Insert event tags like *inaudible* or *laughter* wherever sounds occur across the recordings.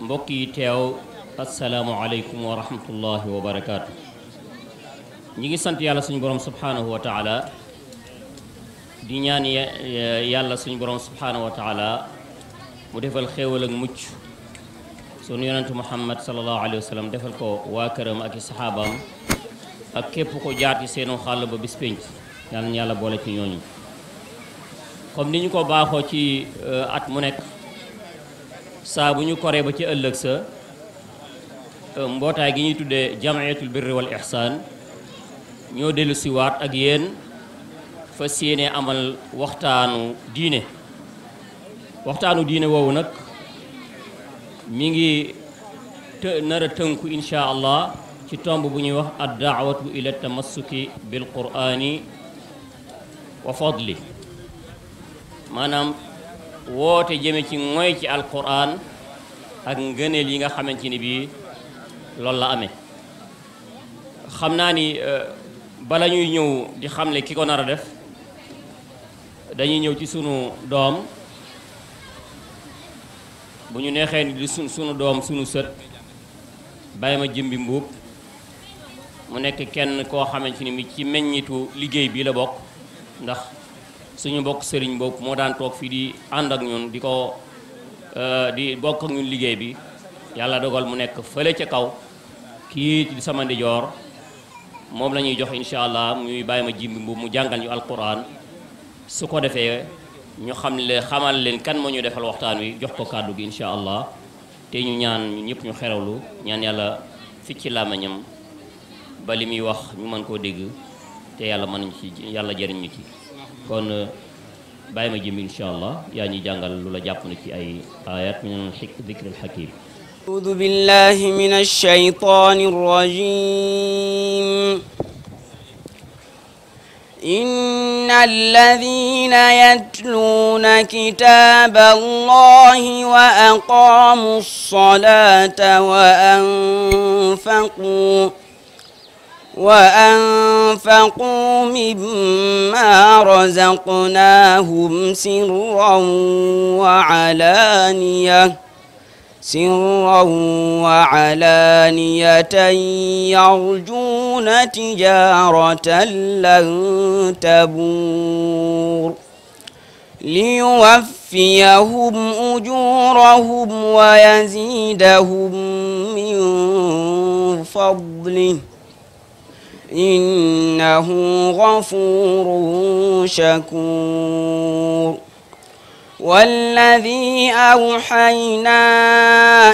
mbokk yi teew asalaamualeykum wa rahmatullahi wa barakaatu. ñi ngi sant yàlla suñu borom subhaanahu wa taala di ñaan yàlla suñu borom subhaanahu wa taala mu defal xéewal ak mucc sunu yonentu muhammad salallahu alayhi wa sallam defal ko waa këram ak i saxaabaam ak képp ko jaar ci seenu xàll ba bis yàlla na yàlla boole ci ñooñu comme ni ñu ko baaxoo ci euh, at mu nekk saa bu ñu koree ba ci ëllëg sa mbootaay gi ñuy tuddee jamiyatul birri wa ihsaan ñoo dellu waat ak yéen fas yéene amal waxtaanu diine waxtaanu diine woowu nag mu ngi të nar a tënku insha allah ci tomb bu ñuy wax ad daawatu ila tamassuki bil qur'ani wa fadli maanaam woote jëme ci mooy ci alquran ak ngëneel yi nga xamante ni bii loolu la amee xam naa ni euh, bala ñuy ñëw di xam xamle ki ko nar a def dañuy ñëw ci sunu doom bu ñu neexee ni sunu doom sunu sët bàyyi ma jëmbi mbuub mu nekk kenn koo xamante ni mi ci meññitu liggéey bi la bokk ndax suñu mbokk sëriñ boobu moo daan toog fii di ànd ak ñun di ko euh, di bokk ak ñun liggéey bi yàlla dogal mu nekk fële ca kaw kii di sama ndijoor moom lañuy ñuy jox incha allah muy bàyyi ma jimbi mbubb mu jàngal ñu alquran su ko defee ñu xam le xamal leen kan moo ñu defal waxtaan wi jox ko kàddu gi incha allah te ñu ñaan ñu ñëpp ñu xerewlu ñaan yàlla fii ci làmmiñam ba li muy wax ñu mën koo dégg te yàlla mën ñu ci yàlla jëriñ ñu ci kon euh, bàyyi ma jëm incha allah yaa ñu jàngal lu la jàpp na ci ay ayat min xik dikril xakim أعوذ بالله من الشيطان الرجيم إن الذين يتلون كتاب الله وأقاموا الصلاة وأنفقوا وأنفقوا مما رزقناهم سرا وعلانية سرا وعلانية يرجون تجارة لن تبور ليوفيهم أجورهم ويزيدهم من فضله إنه غفور شكور والذي أوحينا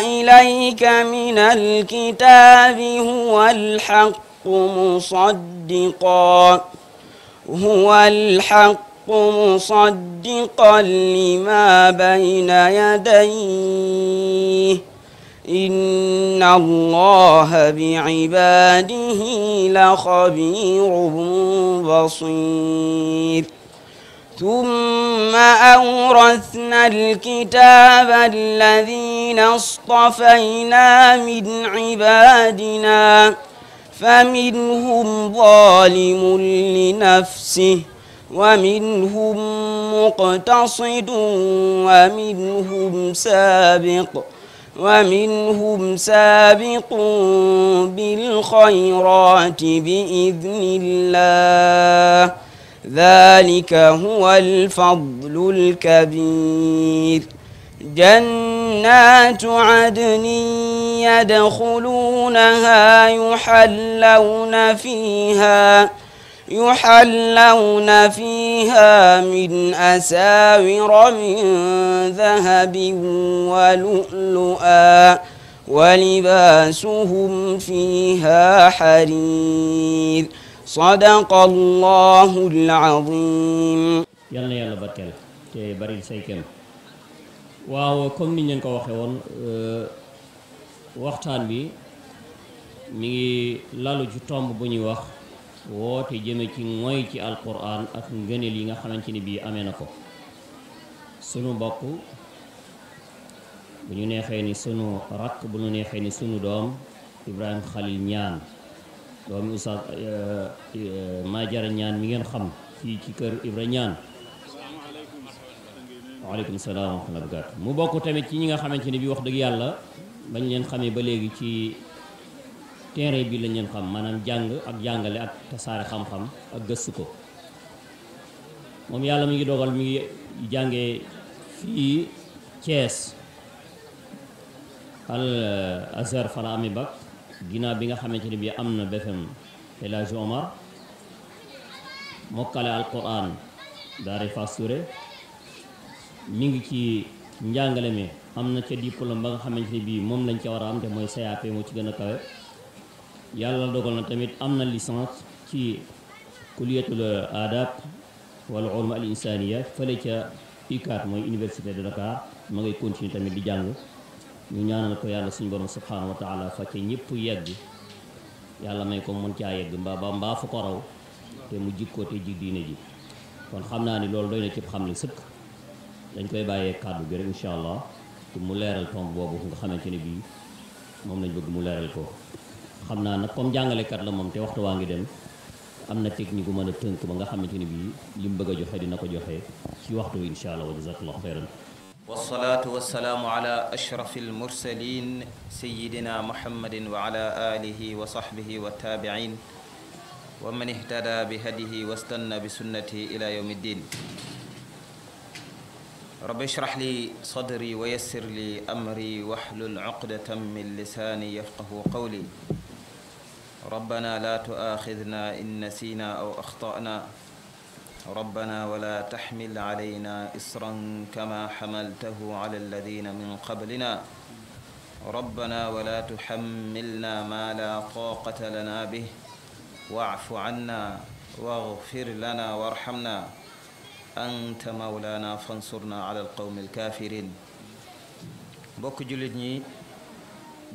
إليك من الكتاب هو الحق مصدقا هو الحق مصدقا لما بين يديه إن الله بعباده لخبير بصير ثم أورثنا الكتاب الذين اصطفينا من عبادنا فمنهم ظالم لنفسه ومنهم مقتصد ومنهم سابق ومنهم سابق بالخيرات بإذن الله ذلك هو الفضل الكبير جنات عدن يدخلونها يحلون فيها يحلون فيها من أساور من ذهب ولؤلؤا ولباسهم فيها حرير صدق الله العظيم yal na yàlla barkeel te baril say kem waaw comme ni ñu ko waxe woon waxtaan bi mi ngi lalu ci tomb bu ñuy wax woote jëme ci mooy ci al alquran ak ngëneel yi nga xamante ni bii amee na ko sunu mbokk bu ñu neexee ni sunu rakk bu ñu neexee ni sunu doom Ibrahima Khalil ñaan doomi Oustaz euh, euh, Madiara ñaan mi ngeen xam fii ci kër Ibra ñaan waaleykum salaam wa rahmatulah mu bokk tamit ci ñi nga xamante ni bii wax dëgg yàlla bañ leen xamee ba léegi ci terrain bii lañ leen xam maanaam jàng ak jàngale ak tasaare xam-xam ak gëstu ko moom yàlla mi ngi dogal mi ngi jàngee fii Thiès al Azhar fa la amee bac ginnaaw bi nga xamante ne bii am na BFEM El Hadj Omar mokkale al Quran daari Fass Touré ngi ci njàngale mi am na ca diplôme ba nga xamante ne bii moom lañ ca war a am te mooy CAP moo ci gën a kawe yàlla dogal na tamit am na licence ci la adab wala ulum al insaniya fële ca UCAD mooy université de Dakar ma ngay continuer tamit di jàng ñu ñaanal ko yàlla suñu borom subhanahu wa taala fàcce ñëpp yegg yàlla may ko mën caa yegg mbaa ba mbaa fu ko raw te mu jikkoo te ji diine ji kon xam naa ni loolu doy na cib xam ne sëkk dañ koy bàyyee kàddu bi rek incha allah mu leeral tomb boobu nga xamante ne bii moom lañ bëgg mu leeral ko xam naa nag comme jàngalekat la moom te waxtu waa ngi dem am na technique bu mën a tënk ba nga xamante ni bii li mu bëgg a joxe dina ko joxe ci waxtu wi incha allah wa jazakallahu xeyran wasalaatu wasalaamu ala ashrafi almursalin sayidina muhammadin wa ala alihi wa sahbihi wa taabiin wa man ihtada bi hadihi wastanna bi sunnati ila yawmi ddin rabbi shrah li sadri wa yassir li amri wahlul uqdatan min lisani yafqahu qawli ربنا لا تؤاخذنا إن نسينا أو أخطأنا ربنا ولا تحمل علينا إصرا كما حملته على الذين من قبلنا ربنا ولا تحملنا ما لا طاقة لنا به واعف عنا واغفر لنا وارحمنا أنت مولانا فانصرنا على القوم الكافرين بوك جلدني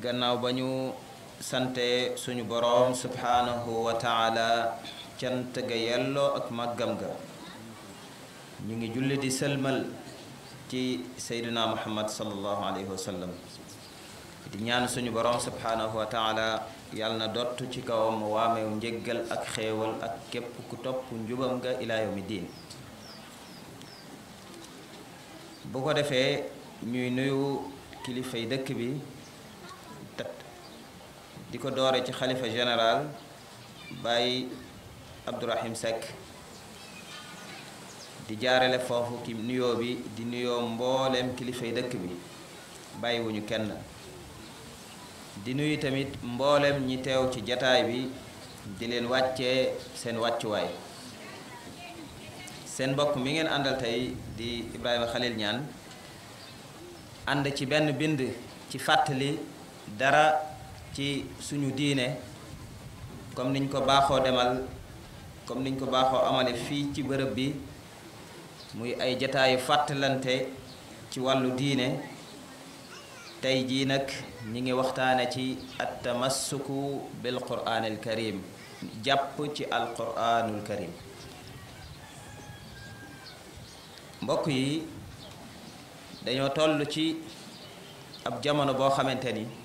غناو بنيو sante suñu boroom subhaanahu wa taala cant ga yelloo ak màggam ga ñu ngi julli di sëlmal ci seydina muhammad sallallahu wa sallam di ñaan suñu boroom subhaanahu wa taala yàlla na dott ci kawam waameew njëgal ak xéewal ak képp ku topp njubam nga ila yawmi diin bu ko defee ñuy nuyu kilifay dëkk bi di ko doore ci xalifa général bàyyi Abdourahim Seck di jaarale foofu ki nuyoo bi di nuyoo mbooleem kilifay dëkk bi bàyyiwuñu kenn di nuyu tamit mbooleem ñi teew ci jataay bi di leen wàccee seen wàccuwaay seen mbokk mi ngeen àndal tey di Ibrahima Khalil Niane ànd ci benn bind ci fàttali dara ci suñu diine comme niñ ko baaxoo demal comme niñ ko baaxoo amale fii ci bërëb bi muy ay jataayu fàttalante ci wàllu diine tey jii nag ñi ngi waxtaane ci at tamassuku bil quraanil karim jàpp ci al quraanul karim mbokk yi dañoo toll ci ab jamono boo xamante ni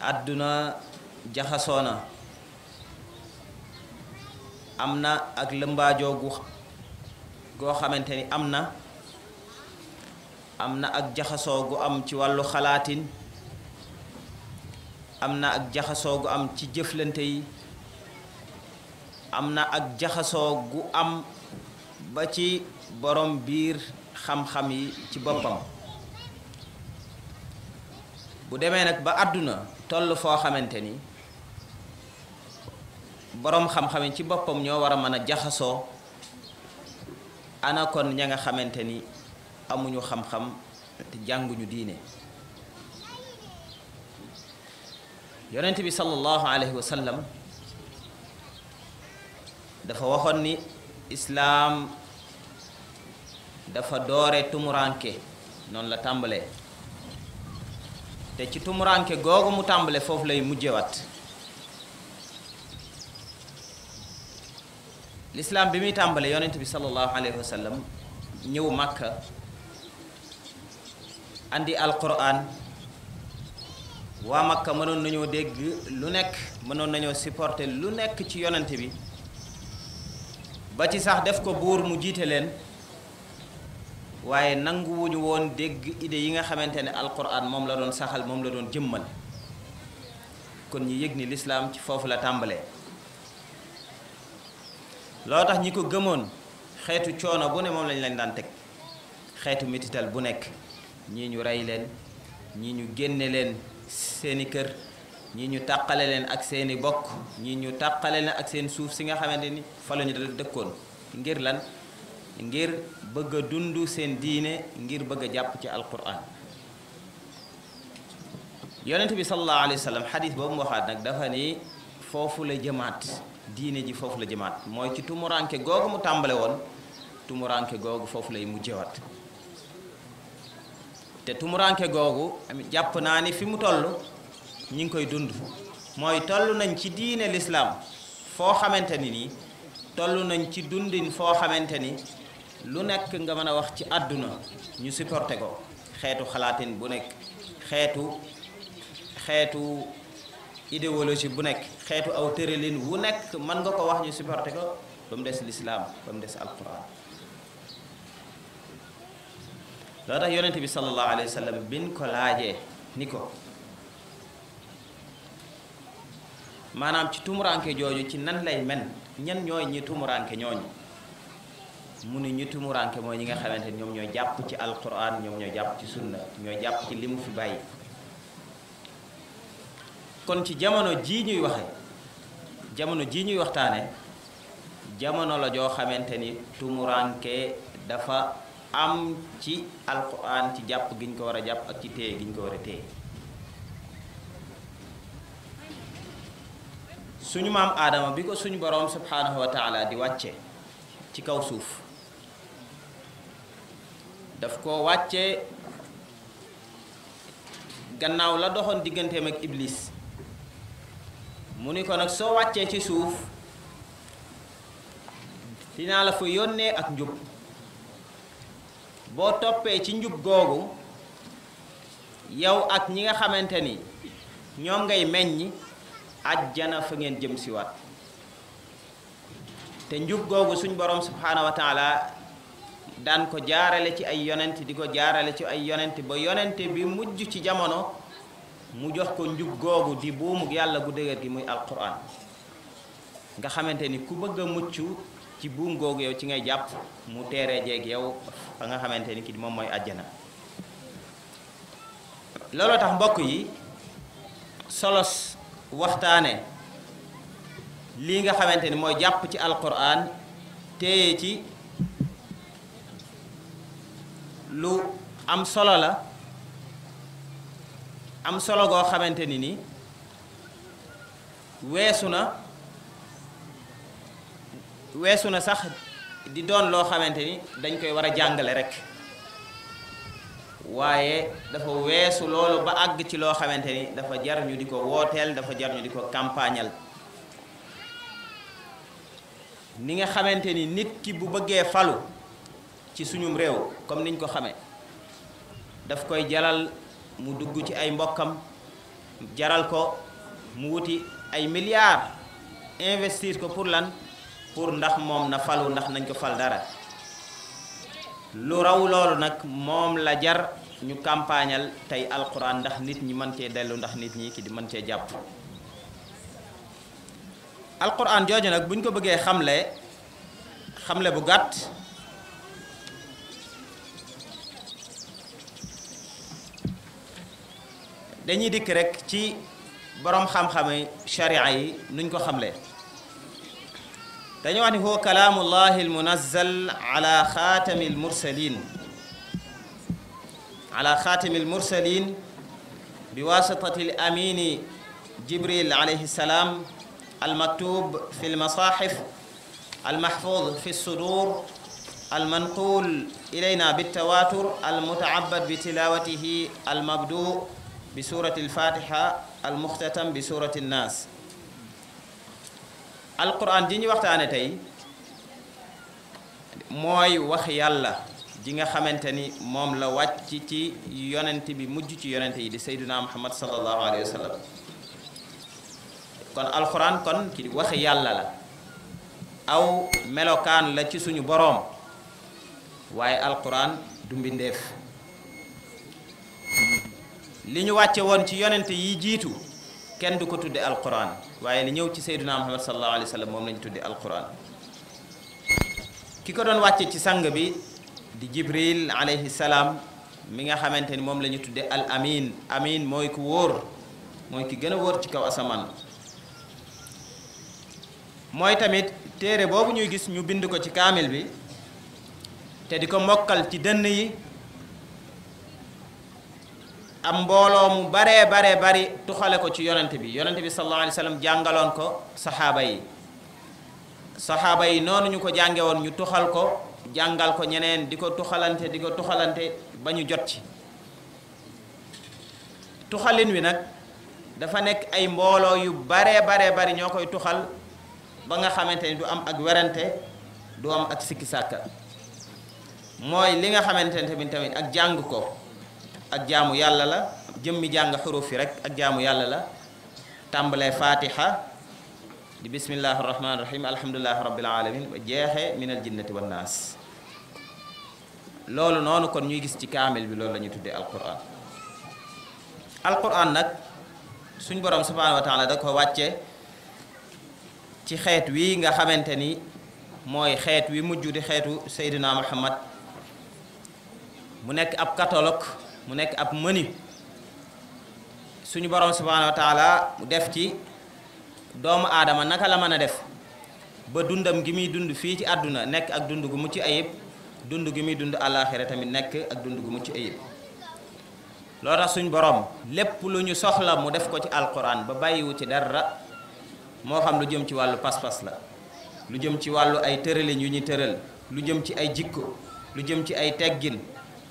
àdduna jaxasoo na am na ak lëmbaajoo gu goo xamante ni am na am na ak jaxasoo gu am ci wàllu xalaatin am na ak jaxasoo gu am ci jëflante yi am na ak jaxasoo gu am ba ci borom biir xam-xam yi ci boppam bu demee nag ba àdduna toll foo xamante ni boroom xam-xam ci boppam ñoo war a mën a jaxasoo ana kon ña nga xamante ni amuñu xam-xam te jànguñu diine yonent bi sallallahu alayhi wa dafa waxoon ni islaam dafa doore tumuraanke noonu la tàmbalee te ci tumuraanke googu mu tàmbale foofu lay mujje wat lislaam bi muy tàmbale yonent bi sallallahu alayhi wa ñëw ñëw indi andi alquran waa makka mënoon nañoo dégg lu nekk mënoon nañoo supporter lu nekk ci yonent bi ba ci sax def ko buur mu jiite leen waaye nanguwuñu woon dégg idée yi nga xamante ne alquran moom la doon saxal moom la doon jëmmal kon ñu yëg ni lislaam ci foofu la tàmbalee loo tax ñi ko gëmoon xeetu coono bu ne moom lañ leen daan teg xeetu mitital bu nekk ñii ñu rey leen ñi ñu génne leen seeni kër ñii ñu tàqale leen ak seeni bokk ñii ñu tàqale leen ak seen suuf si nga xamante ni fa la ñu dëkkoon ngir lan ngir bëgg a dund seen diine ngir bëgg a jàpp ci alquran yonent bi sallallahu alayhi wa boobu mu waxaat nag dafa ni foofu la jëmaat diine ji foofu la jëmaat mooy ci tumuranke googu mu tàmbale woon tumuranke googu foofu lay mujjewaat te tumuraanke googu jàpp naa ni fi mu toll ñu ngi koy dund mooy toll nañ ci diine lislaam foo xamante ni nii nañ ci dund foo xamante ni lu nekk nga mën a wax ci àdduna ñu supporté ko xeetu xalaatin bu nekk xeetu xeetu idéologie bu nekk xeetu aw tëralin wu nekk mën nga ko wax ñu supporté ko ba mu des lislaam ba mu des alquran loolu tax yonente bi sallallahu alayhi wa sallam ko laajee ni ko maanaam ci tumuraanke jooju ci nan lay men ñan ñooy ñi tumuranke ñooñu mu ne ñu tumuranke mooy ñi nga xamante ni ñoom ñoo jàpp ci alquran ñoom ñoo jàpp ci sunna ñoo jàpp ci li mu fi bàyyi kon ci jamono jii ñuy waxe jamono jii ñuy waxtaane jamono la joo xamante ni tumuranke dafa am ci alquran ci jàpp gi ñu ko war a jàpp ak ci téye gi ñu ko war a téye suñu maam aadama bi ko suñu boroom subhanahu wa di wàcce ci kaw suuf daf ko wàcce gannaaw la doxoon digganteem ak iblis mu ni ko nag soo wàccee ci suuf dinaa la fa yónnee ak njub boo toppee ci njub googu yow ak ñi nga xamante ni ñoom ngay meññ ajjana fa ngeen jëm si te njub googu suñ borom subhaanahu wa daan ko jaarale ci ay yonent di ko jaarale ci ay yonent ba yonent bi mujj ci jamono mu jox ko njug googu di buumu yàlla gu dëgër gi muy alquran nga xamante ni ku bëgg mucc ci buum googu yow ci ngay jàpp mu teere jeeg yow fa nga xamante ni ki moom mooy àjjana looloo tax mbokk yi solos waxtaane lii nga xamante ni mooy jàpp ci alquran téye ci lu am solo la am solo goo xamante ni ni weesu na weesu na sax di doon loo xamante ni dañ koy war a jàngale rek waaye dafa weesu loolu ba àgg ci loo xamante ni dafa jar ñu di ko wooteel dafa jar ñu di ko campagnal ni nga xamante ni nit ki bu bëggee falu ci suñum réew comme niñ ko xamee daf koy jaral mu dugg ci ay mbokkam jaral ko mu wuti ay milliards investir ko pour lan pour ndax moom na falu ndax nañ ko fal dara lu raw loolu nag moom la jar ñu campagneal tey alquran ndax nit ñi mën cee dellu ndax nit ñi ki di mën cee jàpp alquran jooju nag buñ ko bëggee xamle xamle bu gàtt dañuy dikk rek ci borom xam-xame sharia yi nuñ ko xamle dañu wax ni huwa kalaamullahi almunazzal ala xaatami almursalin ala xaatami almursalin bi wasitati alamini jibril alayhi salaam almaktub fi almasaxif almahfud fi alsudur almanqul ilayna bittawatur almutaabad bi tilawatihi almabdu bi suurati alfaatiha almuxtatam bi suurati annaas alquran ji ñu waxtaane tey mooy wax yàlla ji nga xamante ni moom la wàcc ci yonent bi mujj ci yonent yi di sayduna muhammad sallallahu alayhi wa sallam kon alquran kon ci wax yàlla la aw melokaan la ci suñu boroom waaye alquran du mbindeef li ñu wàcce woon ci yonent yi jiitu kenn du ko tudde alquran waaye li ñëw ci sayduna muhammad sallallahu alayhi wa sallam moom lañu tudde alquran ki ko doon wàcce ci sang bi di jibril salaam mi nga xamante ni moom la ñu tudde al amin amin mooy ku wóor mooy ki gën a wóor ci kaw asamaan mooy tamit téere boobu ñuy gis ñu bind ko ci kaamil bi te di ko mokkal ci dënn yi am mbooloo mu baree bare bari tuxale ko ci yonent bi yonent bi sallallahu alayhi wa sallam jàngaloon ko saxaaba yi saxaaba yi noonu ñu ko jàngewoon ñu tuxal ko jàngal ko ñeneen di ko tuxalante di ko tuxalante ba ñu jot ci tuxalin wi nag dafa nekk ay mbooloo yu baree baree bari ñoo koy tuxal ba nga xamante ni du am ak werante du am ak sikki sàkka mooy li nga xamante ne tamit tamit ak jàng ko ak jaamu yàlla la jëmmi jàng xuruf yi rek ak jaamu yàlla la tàmbalee fatiha di bismillahi rahmaani rahim alhamdulilahi rabbil alamin ba jeexee minal jinnati wan loolu noonu kon ñuy gis ci kaamil bi loolu la ñuy tuddee alquran alquran nag suñ borom subhaanahu wa da ko wàcce ci xeet wi nga xamante ni mooy xeet wi mujj di xeetu Seydina Muhammad mu nekk ab katolog mu nekk ab menu suñu borom subhanahu wa def ci doomu aadama naka la mën a def ba dundam gi muy dund fii ci àdduna nekk ak dund gu mucc ayib dund gi muy dund àllaaxira tamit nekk ak dund gu mucc ayib loo tax suñu borom lépp lu ñu soxla mu def ko ci alxuraan ba bàyyiwu ci dara moo xam lu jëm ci wàllu pas-pas la lu jëm ci wàllu ay tëralin yu ñu tëral lu jëm ci ay jikko lu jëm ci ay teggin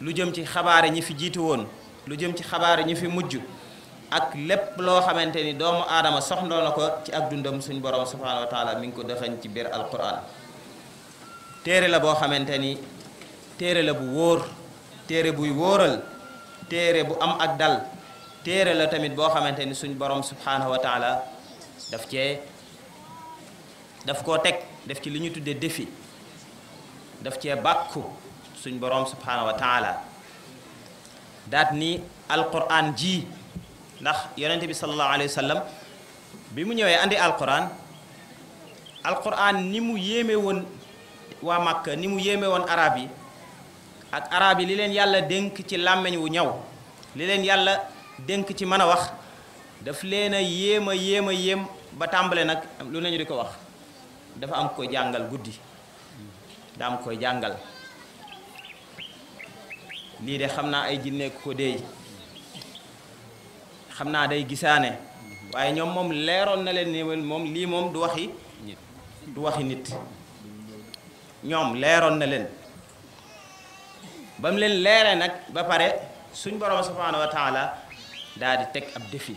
lu jëm ci xabaar yi ñu fi jiitu woon lu jëm ci xabaar yi ñu fi mujj ak lépp loo xamante ni doomu aadama soxndoo na ko ci ak dundam suñ borom subhaanahu wa mi ngi ko dëxañ ci biir alquran téere la boo xamante ni téere la bu wóor téere buy wóoral téere bu am ak dal téere la tamit boo xamante ni suñ borom subhaanahu wa taala daf cee daf koo teg def ci li ñu tuddee défi daf cee bàkku suñ boroom subhaanahu wa taala daat ni alquran ji ndax yonente bi salallahu alayhi bi mu ñëwee andi alquran alquran ni mu yéeme woon waa Makka ni mu yéeme woon arab yi ak arab yi li leen yàlla dénk ci làmmiñ wu ñaw li leen yàlla dénk ci mën a wax daf leen a yéem a yéem a yéem ba tàmbale nag lu nañu di ko wax dafa am koy jàngal guddi daa am koy jàngal lii de xam naa ay jinne ko deey xam naa day gisaane waaye ñoom moom leeroon na leen ne moom lii moom du waxi du waxi nit ñoom leeroon na leen ba mu leen leeree nag ba pare suñ borom subhaanahu wa teg ab défi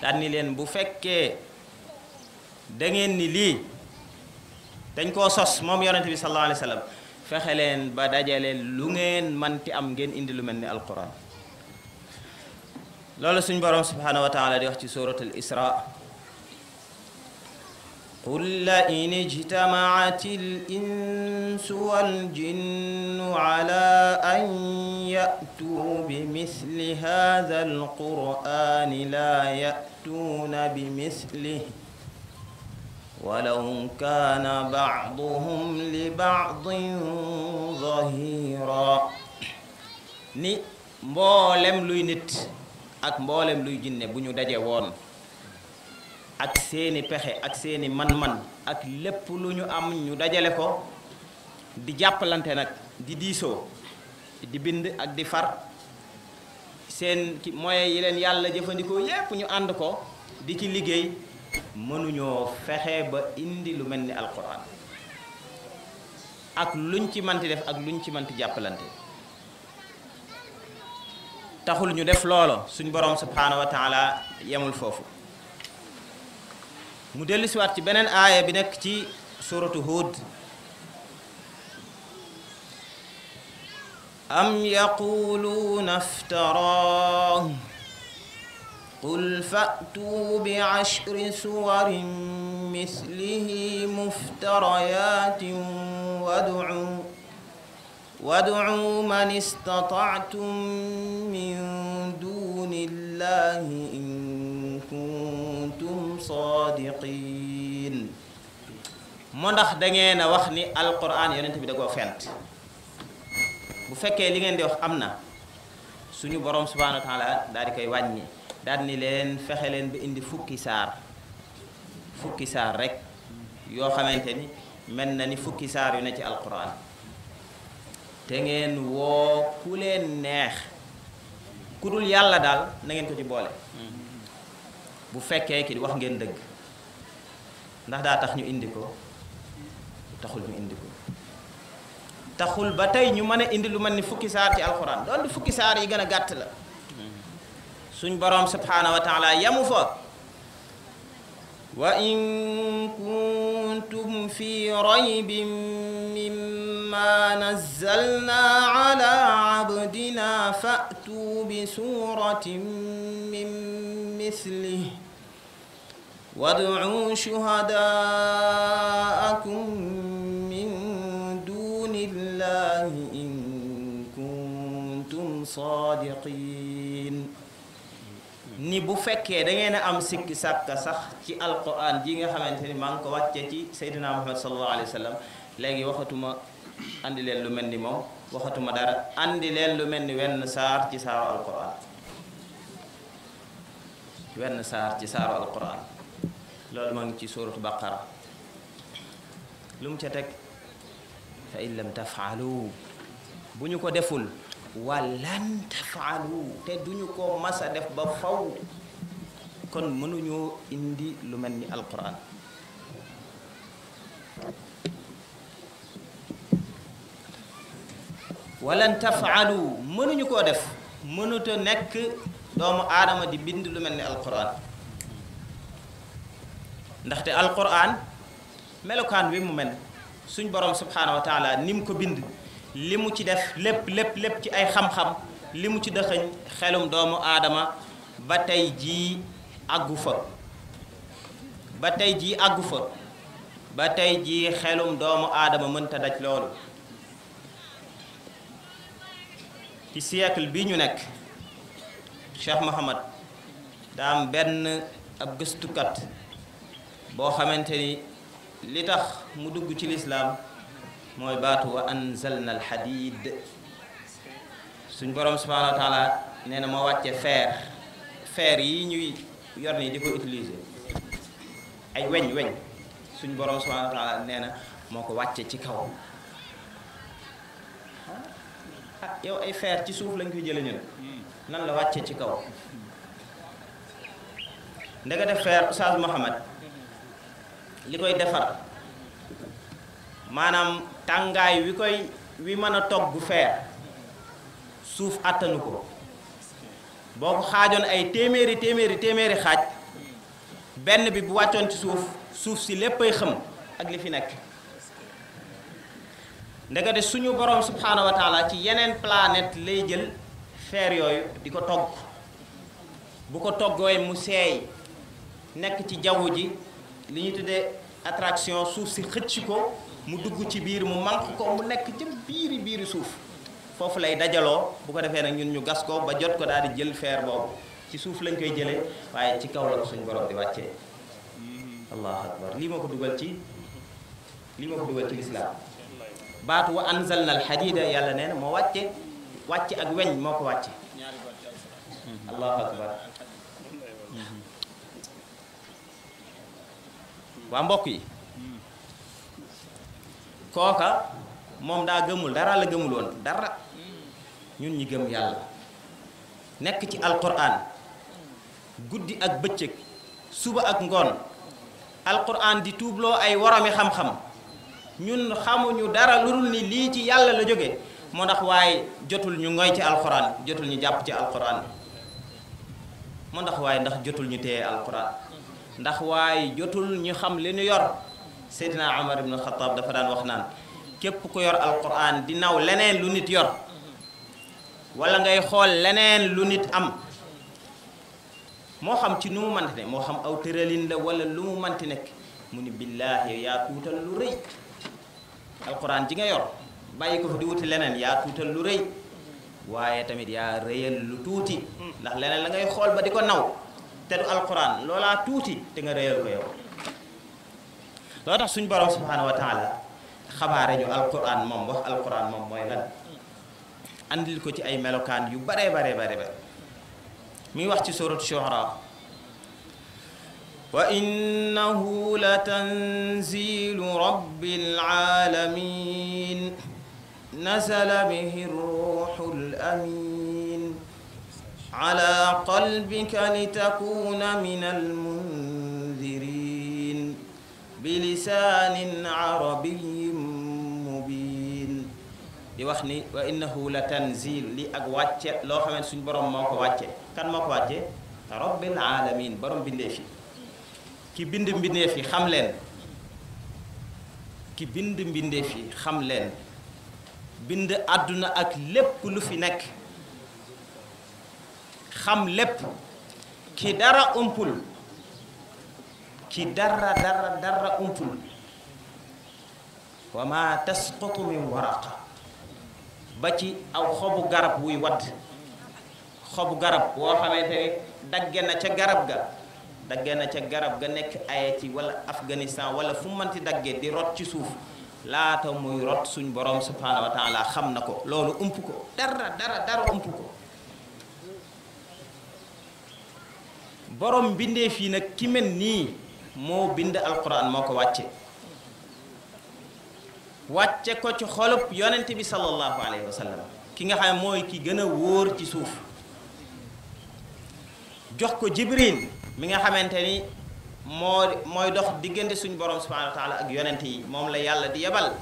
daal leen bu fekkee da ngeen ni lii dañ koo sos moom yonente bi sallallahu alayhi wa fexe leen ba dajale lu ngeen manti am ngeen indi lu mel ni alquran loolu suñ borom subhaanahu wa taala di wax ci suratul isra قل ولو كان بعضهم لبعض ظهيرا ni mboolem luy nit ak mboolem luy jinne bu ñu daje woon ak seeni pexe ak seeni man-man ak lépp lu ñu am ñu dajale ko di jàppalante nag di diisoo di bind ak di far seen moyens yi leen yàlla jëfandikoo yépp ñu ànd ko di ci liggéey mënuñoo fexe ba indi lu mel ni alquran ak luñ ci manti def ak luñ ci manti jàppalante taxul ñu def loolo suñ boroom subhaanahu wa yemul foofu mu dellu siwaat ci beneen aaya bi nekk ci suratu Hud am yaquluuna iftaraahu قل فأتوا بعشر سور مثله مفتريات وادعوا وادعوا من استطعتم من دون الله kuntum saadiqin mu ndax dangeen a wax ni alquran yonent bi da koo fent bu fekkee li ngeen di wax am na suñu borom subhanahu wa taala daal di daal ni leen fexe leen ba indi fukki saar fukki saar rek yoo xamante ni mel na ni fukki saar yu ne ci alquran te ngeen woo ku leen neex ku dul yàlla daal na ngeen ko ci boole bu fekkee ki wax ngeen dëgg ndax daa tax ñu indi ko taxul ñu indi ko taxul ba tey ñu mën a indi lu mel ni fukki saar ci alquran doon di fukki saar yi gën a gàtt la suñ boroom subhaanahu wa taala yamu fa wa in kuntum fi raybin mimma nazzalna ala abdina fa'tu bi suratin min mislihi wad'u shuhadaakum min duni llahi in kuntum saadiqin ni bu fekkee da ngeen a am sikki sàkka sax ci alquran ji nga xamante ni maa ngi ko wàccee ci sayyidina muhammad sallallahu alayhi wa sallam léegi waxatuma indi leen lu mel ni moom waxatuma dara andi leen lu mel ni wenn saar ci saaru alquran wenn saar ci saaru alquran loolu maa ngi ci suuratu baqara lu mu ca teg fa in lam bu ñu ko deful wa lan tafaalu te duñu ko mas def ba faw kon mënuñoo indi lu mel ni alquran walan tafaalu mënuñu koo def mënuta nekk doomu aadama di bind lu mel ni alquran ndaxte alquran melokaan wi mu mel suñ borom subhanahu wa ni mu ko bind li mu ci def lépp lépp lépp ci ay xam-xam li mu ci dëxëñ xelum doomu aadama ba tey jii àggu fa ba tey jii àggu fa ba tey jii xelum doomu aadama mënta daj loolu ci siècle bi ñu nekk Cheikh Mohamad daa am benn ab gëstukat boo xamante ni li tax mu dugg ci lislaam mooy baatu wa anzalna alxadiid suñ borom subhaanahu wa taala nee na moo wàcce feer feer yi ñuy yor nii di ko utiliser ay weñ weñ suñ borom subhaanahu wa taala nee na moo ko wàcce ci kaw ah yow ay feer ci suuf lañ koy jëlee ñun nan la wàcce ci kaw ndega def feer Oustaz Mouhamad li koy defar maanaam tàngaay wi koy wi mën a togg feer suuf àttanu ko boo ko xaajoon ay téeméeri téeméeri téeméeri xaaj benn bi bu wàccoon ci suuf suuf si lépp ay xëm ak li fi nekk ndegate suñu borom subhaanahu wa ci yeneen planète lay jël feer yooyu di ko togg bu ko toggooy mu seey nekk ci jaww ji li ñuy tuddee attraction suuf si xëcc ko mu dugg ci biir mu manq ko mu nekk ca biiri biiri suuf foofu lay dajaloo bu ko defee nag ñun ñu gas ko ba jot ko daal di jël feer boobu ci suuf lañ koy jële waaye ci kaw la ko suñ borom di lii ma dugal ci lii ma ko dugal ci lislaam baatu wa anzalna alxadida yàlla nee moo wàcce wàcce ak weñ moo ko wàcce allahu akbar waa mbokk yi kooka moom daa gëmul dara la gëmul dara ñun ñi gëm yàlla nekk ci alquran guddi ak bëccëg suba ak ngoon alquran di tuubloo ay woromi xam-xam ñun xamuñu dara lu dul ni lii ci yàlla la jóge moo tax waaye jotul ñu ngoy ci alquran jotul ñu jàpp ci alquran moo ndax waaye ndax jotul ñu téye alquran ndax waaye jotul ñu xam li ñu yor Seydina Omar ibn Khattab dafa daan wax naan képp ko yor alquran di naw leneen lu nit yor wala ngay xool leneen lu nit am moo xam ci nu mu mënti ne moo xam aw tëralin la wala lu mu mënti nekk mu ni billaahi yaa tuutal lu rëy alquran ji nga yor bàyyi ko fi di wuti leneen yaa tuutal lu rëy waaye tamit yaa rëyal lu tuuti ndax leneen la ngay xool ba di ko naw te du alquran loolaa tuuti te nga rëyal ko yow loo tax suñu borom subhaanahu wa taala xabaare ñu alquran moom wax alquran moom mooy lan andil ko ci ay melokaan yu bare bare bare bare muy wax ci suuratu Shu'ara wa innahu la tanzilu rabbil alamin nazala bihi ruuhul amin ala qalbika litakuna minal munzirin bilisaanin arabiyin mubin di wax ni wa innahu la tanzil li ak wàcce loo xamante suñ borom moo ko wàcce kan moo ko wàcce rabbil alamin borom bindeef yi ki bind mbindeef yi xam leen ki bind mbindeef yi xam leen bind àdduna ak lépp lu fi nekk xam lépp ki dara umpul ki dara dara dara umpul wa ma tasqutu min waraqa ba ci aw xobu garab wuy wadd xobu garab boo xamante ni dagge na ca garab ga dagge na ca garab ga nekk ayati wala afganistan wala fu manti dagge di rot ci suuf laata muy rot suñ borom subhanahu wa xam na ko loolu ump ko dara dara dara ump ko borom mbindeef yi nag ki mel nii moo bind alquran moo ko wàcce wàcce ko ci xolub yonent bi sallallahu alayhi wa ki nga xam ne mooy ki gën a wóor ci suuf jox ko jibril mi nga xamante ni moo mooy dox diggante suñu borom subhanahu wa ak yonent yi moom la yàlla di yebal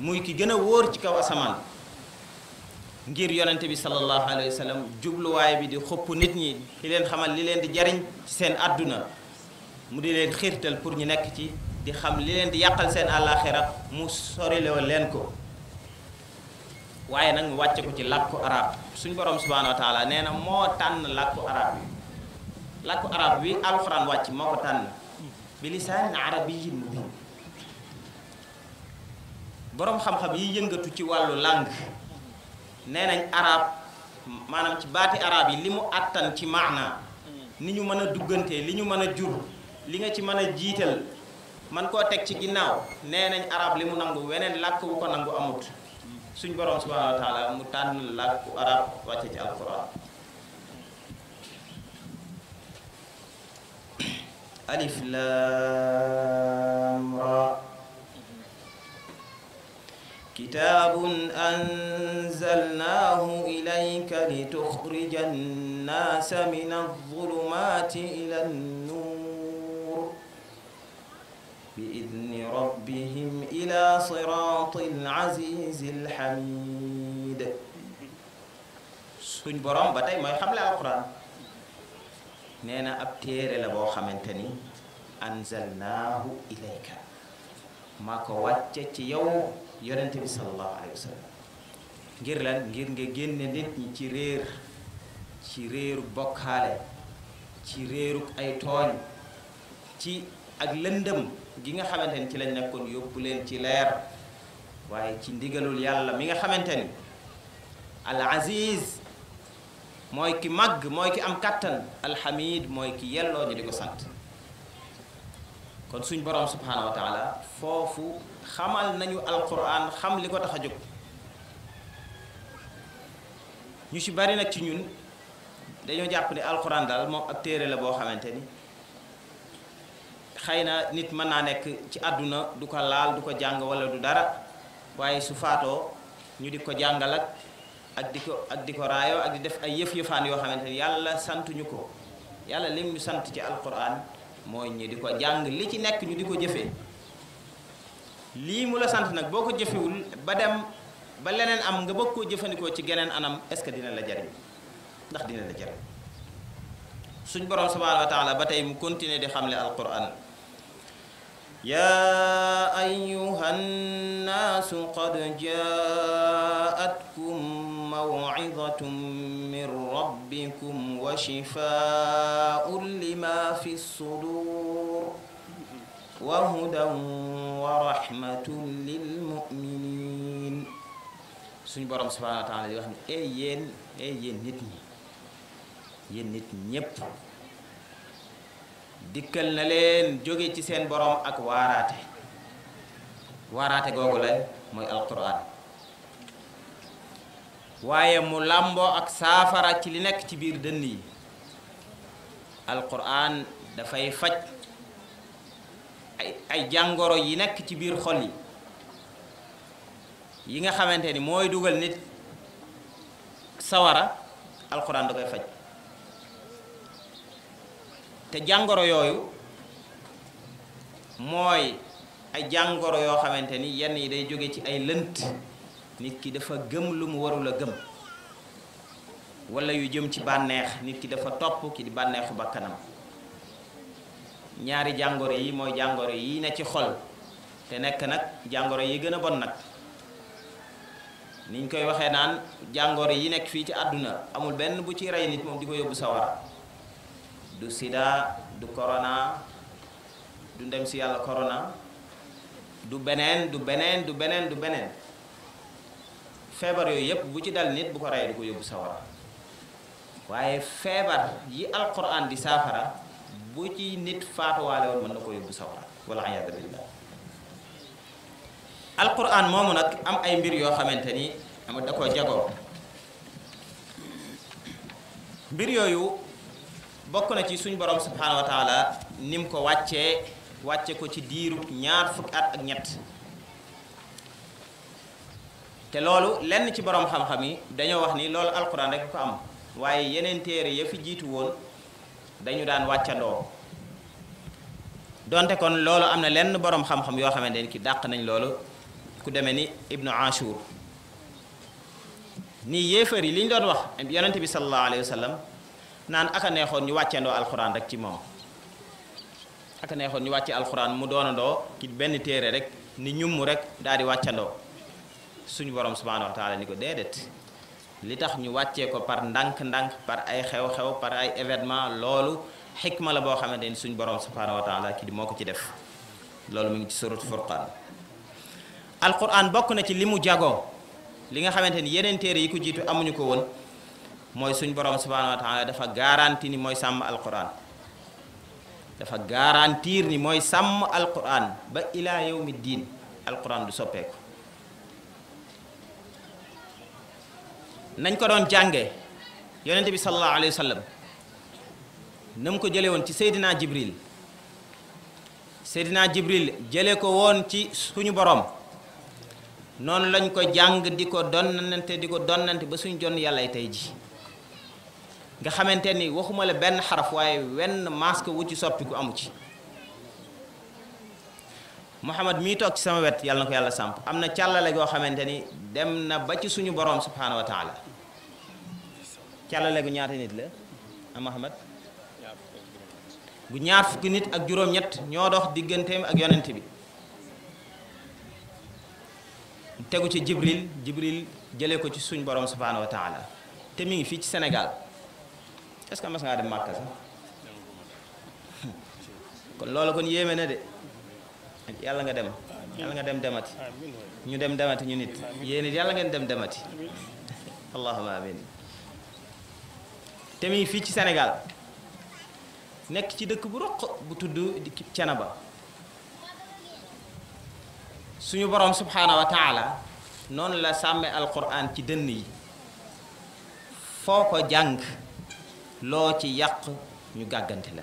muy ki gën a wóor ci kaw asamaan ngir yonent bi sallallahu alayhi wa jubluwaay bi di xopp nit ñi di leen xamal li leen di jariñ seen àdduna mu di leen xiirtal pour ñu nekk ci di xam li leen di yàqal seen àllaaxira mu soriloo leen ko waaye nag mu wàcce ko ci làkku arab suñ borom subhanahu wa nee na moo tànn làkku arab bi làkku arab bi alxuraan wàcc moo ko tànn bi lisaanin arabiyyin mubiin boroom xam-xam yi yëngatu ci wàllu làng nee nañ araab maanaam ci baati araab yi li mu àttan ci maanaa ni ñu mën a duggantee li ñu mën a jur li nga ci mën a jiital man koo teg ci ginnaaw nee nañ arab li mu nangu weneen làkk wu ko nangu amut suñ borom subhanahu wa taala mu tànn làkku arab wàcce ci alquran alif anzalnaahu ilayka lituxrija annaasa min alzulumaati ila annuur بإذن ربهم إلى صراط العزيز الحميد suñ borom ba tey mooy xamle alquran nee na ab téere la boo xamante ni anzalnaahu ilayka maa ko wàcce ci yow yonente bi salallahu alayhi wa ngir lan ngir nga génne nit ci réer ci réeru bokkaale ci réeru ay tooñ ci ak lëndëm gi nga xamante ni ci lañ nekkoon yóbbu leen ci leer waaye ci ndigalul yàlla mi nga xamante ni al aziz mooy ki màgg mooy ki am kàttan alhamid mooy ki yelloo ñu di ko sant kon suñ borom subhanahu wa foofu xamal nañu alquran xam li ko tax a jóg ñu ci bari nag ci ñun dañoo jàpp ne alquran daal moom ab téere la boo xamante ni xëy na nit mën naa nekk ci àdduna du ko laal du ko jàng wala du dara waaye su faatoo ñu di ko jàngal ak di ko ak di ko raayoo ak di def ay yëf-yëfaan yoo xamante ni yàlla santuñu ko yàlla lim sant ci alquran mooy ñu di ko jàng li ci nekk di ko jëfee lii mu la sant nag boo ko jëfewul ba dem ba leneen am nga bëgg koo jëfandikoo ci geneen anam est-ce que dina la jariñ ndax dina la jariñ suñ borom subhanahu wa ba tey mu continuer di xam xamle alquran يا أيها الناس قد جاءتكم موعظة من ربكم وشفاء لما في الصدور وهدى ورحمة للمؤمنين suñu borom subhanahu wa taala di wax ne e yéen e yéen nit ñi yéen nit ñépp dikkal na leen jóge ci seen boroom ak waaraate waaraate googu la mooy alquran waaye mu làmboo ak saafara ci li nekk ci biir dënn yi alquran dafay faj ay ay jàngoro yi nekk ci biir xol yi yi nga xamante ni mooy dugal nit sawara alquran da koy faj te jàngoro yooyu mooy ay jàngoro yoo xamante ni yenn yi day jóge ci ay lënt nit ki dafa gëm lu mu warul a gëm wala yu jëm ci bànneex nit ki dafa topp ki di bànneexu bakkanam ñaari jàngoro yi mooy jàngoro yi ne ci xol te nekk nag jàngoro yi gën a bon nag niñ koy waxee naan jàngoro yi nekk fii ci àdduna amul benn bu ci rey nit moom di ko yóbbu sawara du sida du corona du ndem si yàlla korona du beneen du beneen du beneen du beneen feebar yooyu yépp bu ci dal nit bu ko rey du ko yóbbu sawara waaye feebar yi alquran di saafara bu ci nit faatuwaale woon mën na ko yóbbu sawara wala ayaadu billah alquran moomu nag am ay mbir yoo xamante ni am da koo jagoo mbir yooyu bokk na ci suñu borom subhaanahu wa taala ko wàccee wàcce ko ci diiru ñaar fukki at ak ñett te loolu lenn ci boroom xam-xam yi dañoo wax ni loolu alquran rek ko am waaye yeneen téere ya fi jiitu woon dañu daan wàccandoo donte kon loolu am na lenn boroom xam-xam yoo xamante ni ki dàq nañ loolu ku demee ni ibnu Ashur ni yéefar yi li ñu doon wax yonente bi sallallahu alayhi wa naan aka neexoon ñu wàccendoo alxuraan rek ci moom aka neexoon ñu wàcce alxuraan mu doonandoo ci benn téere rek ni ñum rek daal di wàccandoo suñu boroom subhaanahu wa ni ko déedéet li tax ñu wàccee ko par ndànk-ndànk par ay xew-xew par ay événement loolu xikma la boo xamante ni suñu borom subhaanahu wa taala ki di moo ko ci def loolu mu ngi ci surat furqaan alquran bokk na ci li mu jagoo li nga xamante ni yeneen téere yi ko jiitu amuñu ko woon mooy suñ borom subhanahu wa taala dafa garanti ni mooy sàmm alquran dafa garantir ni mooy sàmm alquran ba ilaa yawmi diin alquran du soppeeku nañ ko doon jànge yonente bi sallallahu alayhi wa sallam ko jële woon ci Seydina Jibril Seydina Jibril jële ko woon ci suñu boroom noonu lañ ko jàng di ko donnante di ko donnante ba suñu jonn yàllay tey ji nga xamante ni waxuma la benn xaraf waaye wenn masque wu ci soppiku amu ci Muhammad mii toog ci sama wet yàlla na ko yàlla sàmp am na càllale goo xamante ni dem na ba ci suñu borom subhaanahu wa càllale gu ñaata nit la ah Muhammad gu ñaar fukki nit ak juróom-ñett ñoo dox digganteem ak yonent bi tegu ci Jibril Jibril jële ko ci suñu borom subhaanahu wa te mi ngi fii ci senegal est ce que mas ngaa dem màkka kon loolu kon yéeme na de yàlla nga dem yàlla nga dem demati ñu dem demati ñu nit yéen yàlla ngeen dem demati allahuma amin te mi fii ci senegal nekk ci dëkk bu roq bu tudd Thiénaba suñu borom subhaanahu wa noonu la sàmme alquran ci dënn yi foo ko jàng loo ci yàq ñu gàggante la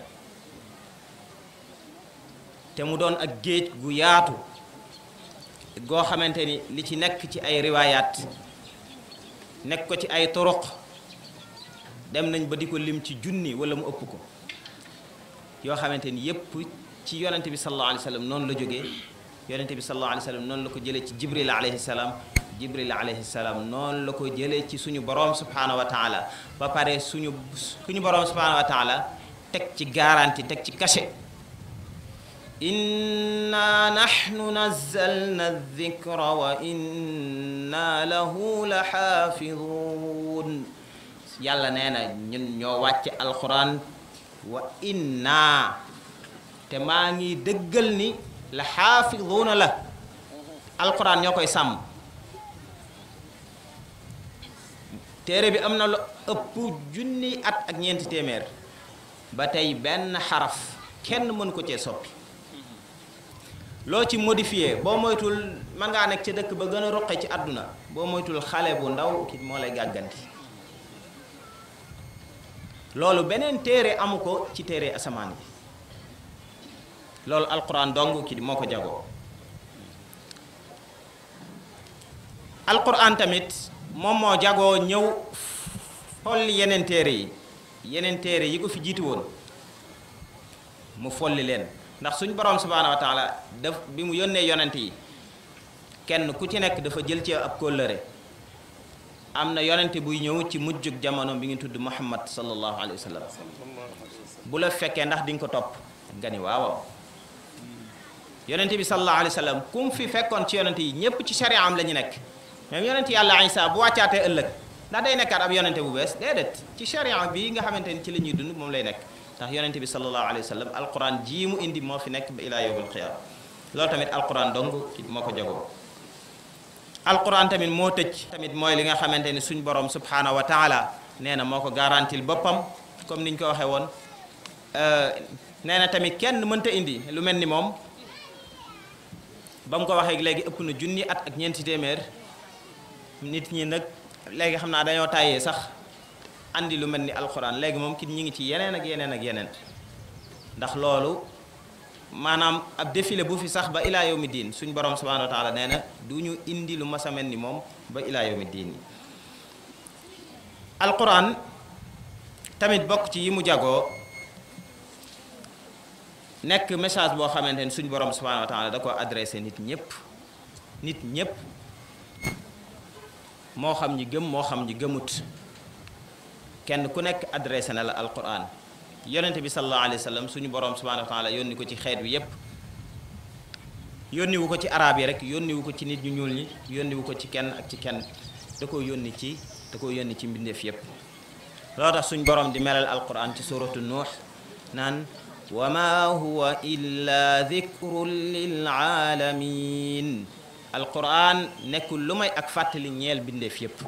te mu doon ag géej gu yaatu goo xamante ni li ci nekk ci ay riwaayaat nekk ko ci ay turuq dem nañ ba di ko lim ci junni wala mu ëpp ko yoo xamante ni yépp ci yonente bi sallallahu alayhi noonu la jóge yonente bi sallallahu alayhi wa noonu la ko jëlee ci jibril alayhi salaam jibril alayhi salaam noonu la ko jëlee ci suñu borom subhaanahu wa taala ba pare suñu suñu borom subhaanahu wa taala teg ci garanti teg ci cachet inna nahnu nazzalna dhikra wa inna lahu la xaafiduun yàlla nee na ñun ñoo wàcce alquran wa inna te maa ngi dëggal ni la xaafiduuna la alquran ñoo koy sàmm téere bi am na lu ëpp junni at ak ñeenti téeméer ba tey benn xaraf kenn mënu ko cee soppi loo ci modifié boo moytul mën ngaa nekk ca dëkk ba gën a ruqe ci àdduna boo moytul xale bu ndaw ki moo lay gàgganti loolu beneen téere amu ko ci téere asamaan bi loolu alquran dong ki moo ko jagoo alquran tamit moom moo jagoo ñëw folli yeneen téere yi yeneen téere yi ko fi jiitu woon mu folli leen ndax suñ borom subhaanahu wa daf bi mu yónnee yonent yi kenn ku ci nekk dafa jël ci ab kóllëre am na yonent buy ñëw ci mujjug jamono bi ngi tudd muhammad sallallahu alayhi wa sallam bu la fekkee ndax di nga ko topp nga ni waaw yonent bi sallallahu alayhi wa sallam kum fi fekkoon ci yonent yi ñépp ci sharia lañu nekk ñoom yonent yàlla saa bu wàccaatee ëllëg ndax day nekkaat ab yonente bu bees déedéet ci sharia bi nga xamante ni ci la ñuy dund moom lay nekk ndax yonente bi sallallahu alayhi wa jii mu indi moo fi nekk ba ilaa yawmul qiyaama loolu tamit alquran dong moo ko jagoo alquran tamit moo tëj tamit mooy li nga xamante ni suñ borom subhanahu wa taala nee na moo ko garantil boppam comme niñ ko waxee woon euh, nee na tamit kenn mënta indi lu mel ni moom ba ko waxee léegi ëpp na junni at ak ñeenti téeméer nit ñi nag léegi xam naa dañoo tàyyee sax indi lu mel ni alxuraan léegi moom kit ñi ngi ci yeneen ak yeneen ak yeneen ndax loolu maanaam ab defile bu fi sax ba ilaa yawmi diin suñ borom subhanahu wa nee na du ñu indi lu ma a mel ni moom ba ilaa yow diin yi alxuraan tamit bokk ci yi mu jagoo nekk message boo xamante ni suñ borom subhanahu wa taala da ko adressé nit ñëpp nit ñëpp moo xam ñi gëm moo xam ñi gëmut kenn ku nekk adressé na la alquran yonente bi sallallahu alayhi suñu borom subhanahu wa taala ko ci xeet wi yépp yónni ko ci araab yi rek yónni ko ci nit ñu ñuul ñi yónni ko ci kenn ak ci kenn da ko yónni ci da koo yónni ci mbindeef yépp loo tax suñ borom di melal alquran ci suratu nuux naan wa ma huwa illa dikrun lil alamin alquran nekkul lu may ak fàttali ñeel bindeef yëpp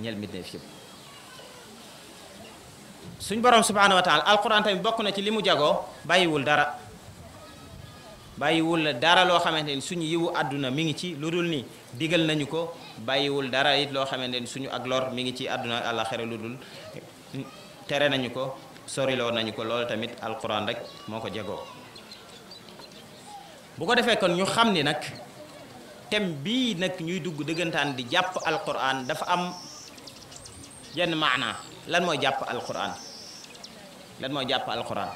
ñeel bindeef yépp suñ borom subhaanahu wa taala alquran tamit bokk na ci li mu jagoo bàyyiwul dara bàyyiwul dara loo xamante ni suñu yiwu àdduna mi ngi ci lu dul nii digal nañu ko bàyyiwul dara it loo xamante ni suñu ak lor mi ngi ci àdduna àllaxira lu dul tere nañu ko soriloo nañu ko loolu tamit alquran rek moo ko jagoo bu ko defee kon ñu xam ni nag thème bii nag ñuy dugg dëggantaan di jàpp alquran dafa am jenn maana lan mooy jàpp alquran lan mooy jàpp alquran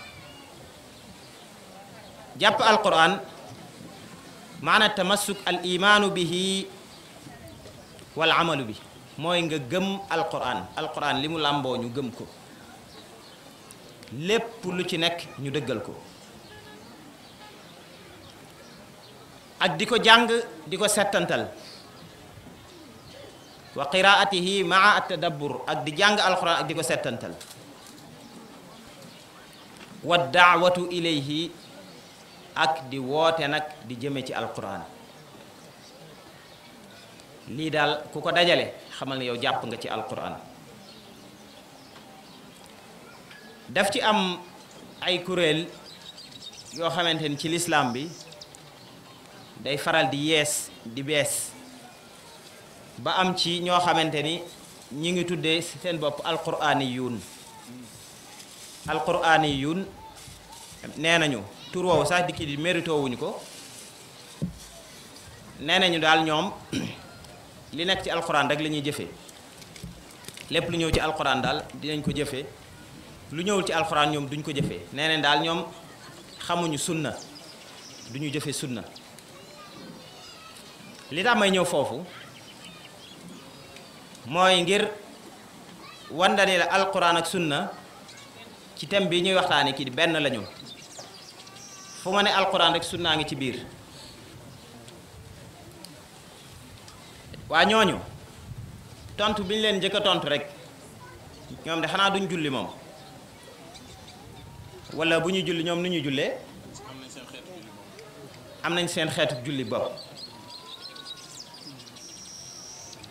jàpp alquran maana tamassuk al bi bihi wal amalu bi mooy nga gëm alquran alquran li mu làmboo ñu gëm ko lépp lu ci nekk ñu dëggal ko ak di ko jàng di ko settantal wa qiraatihi maa tadabbur ak di jàng alxuraan ak di ko settantal wa daawatu ilayhi ak di woote nag di jëme ci alxuraan lii daal ku ko dajale xamal ne yow jàpp nga ci alxuraan daf ci am ay kuréel yoo xamante ni ci lislaam bi day faral di yees di bees ba am ci ñoo xamante ni ñi ngi tuddee si seen bopp alquraani yuun alquraani yuun nee nañu tur woowu sax di kii di mérito ko nee nañu daal ñoom *clears throat* li nekk ci alquran rek la ñuy jëfee lépp lu ñëw ci alquran daal dinañ ko jëfe lu ñëwul ci alquran ñoom duñ ko jëfee nee nañ daal ñoom xamuñu sunna duñu jëfe sunna li tax may ñëw foofu mooy ngir wandale la alquran ak sunna ci thème bi ñuy waxtaane kii benn lañu fu ma ne alquran rek sunnaa ngi ci biir waa ñooñu tontu bi ñu leen njëkk a tontu rek ñoom de xanaa duñ julli moom wala bu ñu julli ñoom nu ñu jullee am nañ seen xeetu julli bopp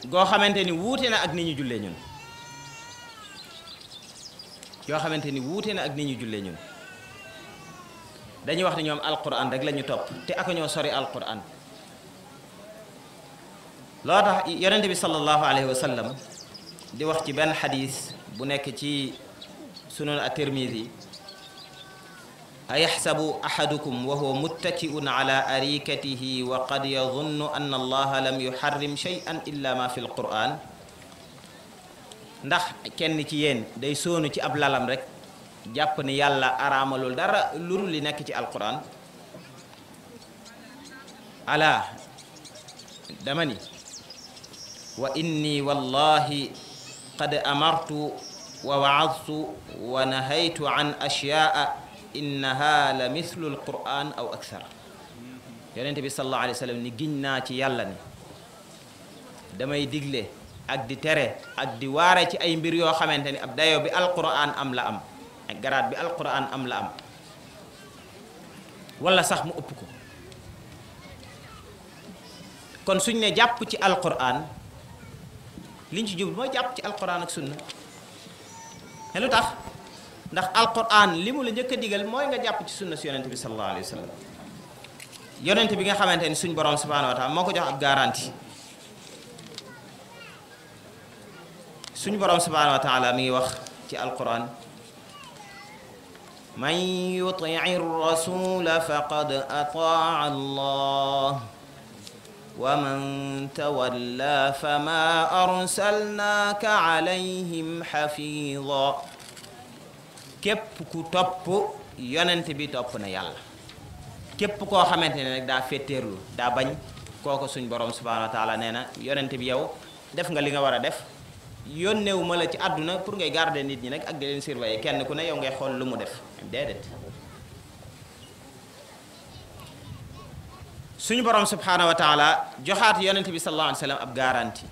goo xamante ni wuute na ak ni ñu jullee ñun yoo xamante ni wuute na ak ni ñu jullee ñun dañuy wax ne ñoom alquran rek la topp te ak ñoo sori alquran loo tax yonente bi sallallahu alayhi wa di wax ci benn xadis bu nekk ci sunu at-Tirmidhi ayaxsabu axadukum wa huwa muttaki'un ala arikatihi wa qad yadunnu an allaha lam yuxarrim shay'an illa ma fi alquran ndax kenn ci yéen day soonu ci ab lalam rek jàpp ne yàlla araamalul dara luru li nekk ci alquran ala dama ni wa inni wallahi qad amartu wa waadtu wa nahaytu an ashyaa innaha la mislul quran aw akthar yonente bi sallallahu alayhi wa ni giñ naa ci yàlla ni damay digle ak di tere ak di waare ci ay mbir yoo xamante ni ab dayo bi alquran am la am ak garaat bi am la am wala sax mu ëpp ko kon suñ ne jàpp ci alquran liñ ci jublu mooy jàpp ci alquran ak sunna te lu tax ndax alquran li mu la njëkk a digal mooy nga jàpp ci sunna si yonente bi sallallahu alayhi wa sallam yonente nga xamante ni suñ borom subhanahu wa taala moo ko jox ab garantie suñ borom subhanahu mi ngi wax ci alquran man man tawalla fama arsalnaka alayhim xafida képp ku topp yonent bi topp na yàlla képp koo xamante ne rek daa féeteerlu daa bañ kooko suñ borom subhaanahu wa nee na yonent bi yow def nga li nga war a def yónnewu ma la ci àdduna pour ngay garde nit ñi nag ak di leen surveiller kenn ku ne yow ngay xool lu mu def déedéet suñu borom subhaanahu joxaat yonent bi sallallahu alayhi wa ab garanti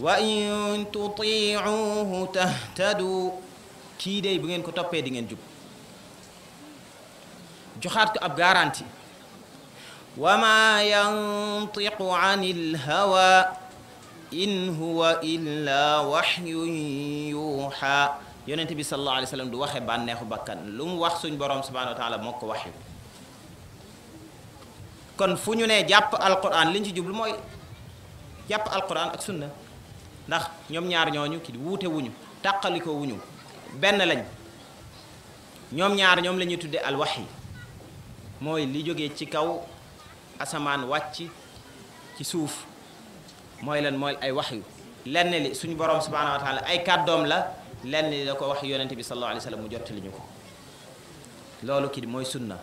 wa in tutiicuhu tahtadu kii dey bu ngeen ko toppee di ngeen jub joxaat ko ab garanti wa ma yantiqu anil hawa in huwa illa waxyun yuuxa yonente bi sallallahu alayhi wa sallam du waxe bànneexu bàkkan lu mu wax suñ borom subhanahu wa taala moo ko waxyu kon fu ñu ne jàpp alquran liñ ci jublu mooy jàpp alquran ak sunna ndax ñoom ñaar ñooñu ki wuute wuñu tàqalikoo wuñu benn lañ ñoom ñaar ñoom la ñuy tudde yi mooy li jógee ci kaw asamaan wàcc ci suuf mooy lan mooy ay wax yu lenn li suñu borom subhanahu wa taala ay kàddoom la lenn li da ko wax yonente bi sallallahu alayhi wa sallam mu jottali ñu ko loolu kii mooy sunna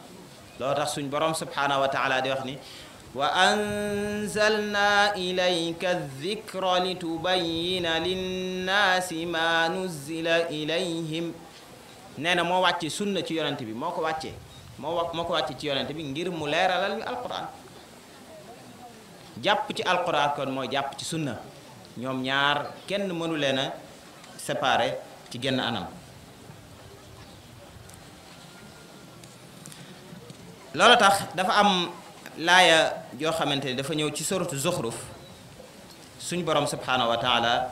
loolu tax suñu borom subhanahu wa taala di wax ni وأنزلنا إليك الذكر لتبين للناس ما نزل إليهم nee na moo wàcce sunna ci yonent bi moo ko wàcce moo wa moo ko wàcce ci yonent bi ngir mu leeralal ñu alquran jàpp ci alquran kon mooy jàpp ci sunna ñoom ñaar kenn mënu leen a séparer ci genn anam loolu tax dafa am laaya joo xamante ni dafa ñëw ci soratu zuxruf suñ borom subhaanahu wa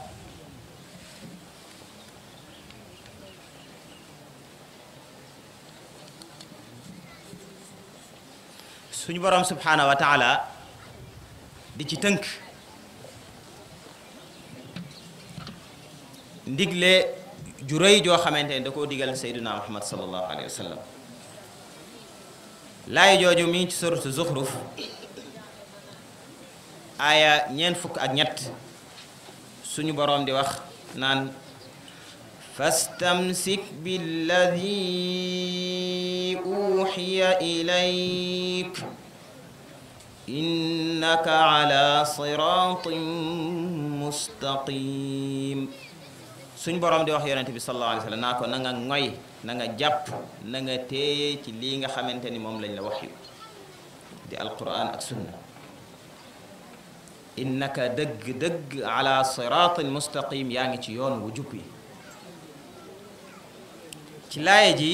suñu borom subhaanahu di ci tënk ndigle ju joo xamante ni da koo digal Seydina Muhammad sallallahu alayhi wa laay jooju mi ngi ci sortu zuxruf fukk ak ñett suñu boroom di wax naan fastamsik billadi uxiya ilayk innaka ala siratin mustaqim suñ borom di wax yonente bi sallallahu alayhi wa sallam naa ko na nga ngoy na nga jàpp nanga nga téye ci lii nga xamante ni moom lañu la wax yu di alquran ak sunna innaka dëgg-dëgg ala siratin mustaqim yaa ngi ci yoon wu jub yi ci laaye ji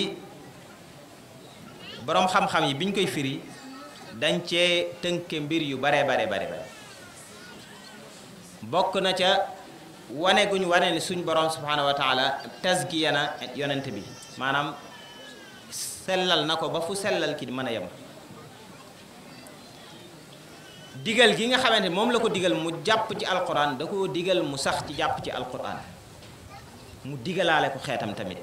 boroom xam-xam yi biñ koy firi dañ cee tënke mbir yu bare bare bare bare bokk na ca wane guñ wane ne suñ borom subhanahu wa taala tasgiya na yonent bi maanaam sellal na ko ba fu sellal ki mën a yem digal gi nga xamante moom la ko digal mu jàpp ci alquran da koo digal mu sax ci jàpp ci alquran mu digalaale ko xeetam tamit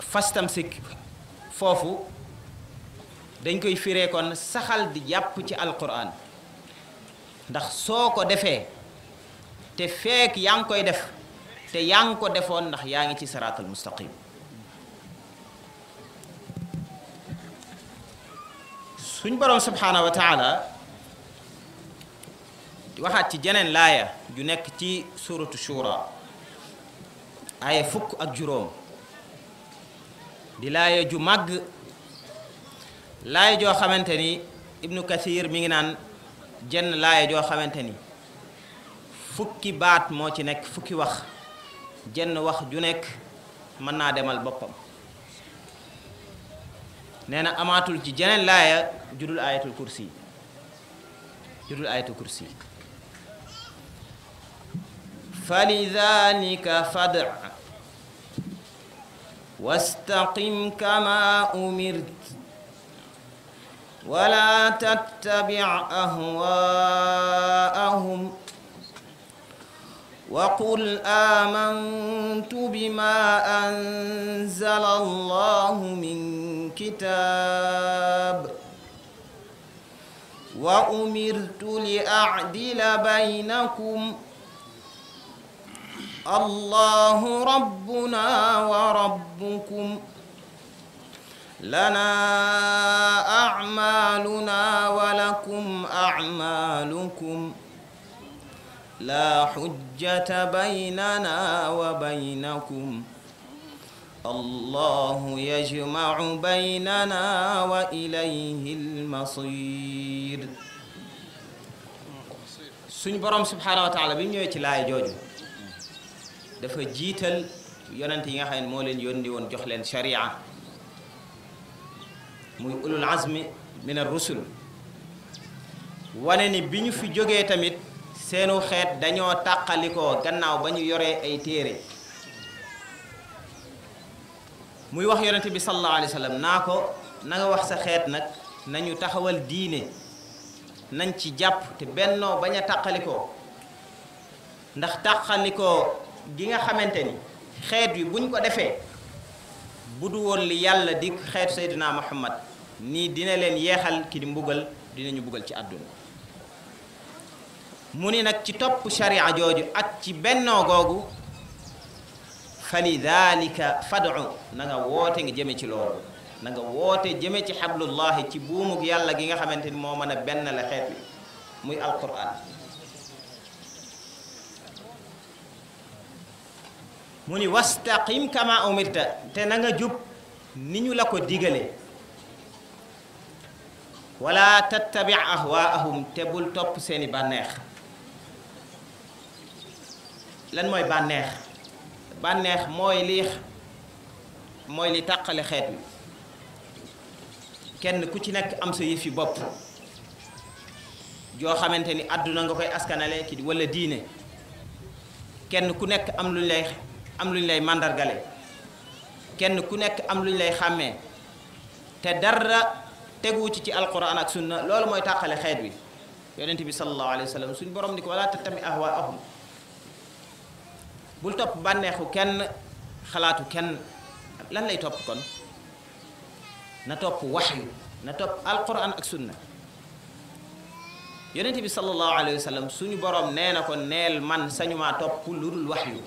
fastam sikk foofu dañ koy firee kon saxal di jàpp ci alquran ndax soo ko defee te feek yaa ngi koy def te yaa ngi ko defoon ndax yaa ngi ci saraatal mustaqim suñ borom subhaanahu wa taala waxaat ci jeneen laaya ju nekk ci suuratu shura aaya fukk ak juróom di laaya ju mag laaya joo xamante ni ibnu kathir mi ngi naan jenn laaya joo xamante ni fukki baat moo ci nekk fukki wax jenn wax ju nekk mën naa demal boppam nee na amaatul ci jeneen laaya judul ayatul kursi judul ayatul kursi falidanika fad wastaqim kama umirt wala tattabic ahwaahum وقل آمنت بما أنزل الله من كتاب وأمرت لأعدل بينكم الله ربنا وربكم لنا أعمالنا ولكم أعمالكم لا حجة الحجة بيننا وبينكم الله يجمع بيننا وإليه المصير suñu borom subhaanahu wa taala bi mu ci laay jooju dafa jiital yonent yi nga xam ne moo leen yónni woon jox leen sharia muy ulul azmi min ar rusul wane ni fi jógee tamit seenu xeet dañoo taqalikoo gannaaw ba ñu yoree ay téere muy wax yonente bi sallallahu alayhi wa naa ko na wax sa xeet nag nañu taxawal diine nañ ci jàpp te bennoo bañ a tàqalikoo ndax tàqalikoo gi nga xamante ni xeet wi buñ ko defee bu du woon li yàlla di xeetu sayduna muhammad nii dina leen yeexal ki di mbugal dinañu bugal ci àdduna mu ni nag ci topp sharia jooju ak ci bennoo googu fa lidalika fadu na nga woote nga jëme ci loolu na nga woote jëme ci xablullahi ci buumuk yàlla gi nga xamante ni moo mën a benn la xeet wi muy alquran mu ni wastaqim kama umirta te na nga jub ni ñu la ko digale wala tattabi ahwaahum te bul topp seeni bànneex lan mooy bànneex bànneex mooy li mooy li tàqale xeet wi kenn ku ci nekk am sa yëf yi bopp joo xamante ni àdduna nga koy askanale ci walla diine kenn ku nekk am luñ lay am lu luñ lay màndargale kenn ku nekk am lu ñu lay xàmmee te dara tegu ci ci alquran ak sunna loolu mooy tàqale xeet wi yonent bi sallallahu alayhi wa sallam suñ borom ni ko wala tattami ahwaahum bul topp bànneexu kenn xalaatu kenn lan lay topp kon na topp waxyu na topp alquran ak sunna yonente bi sallallahu alayhi wa suñu boroom nee na ko neel man sañu maa topp lu dul yu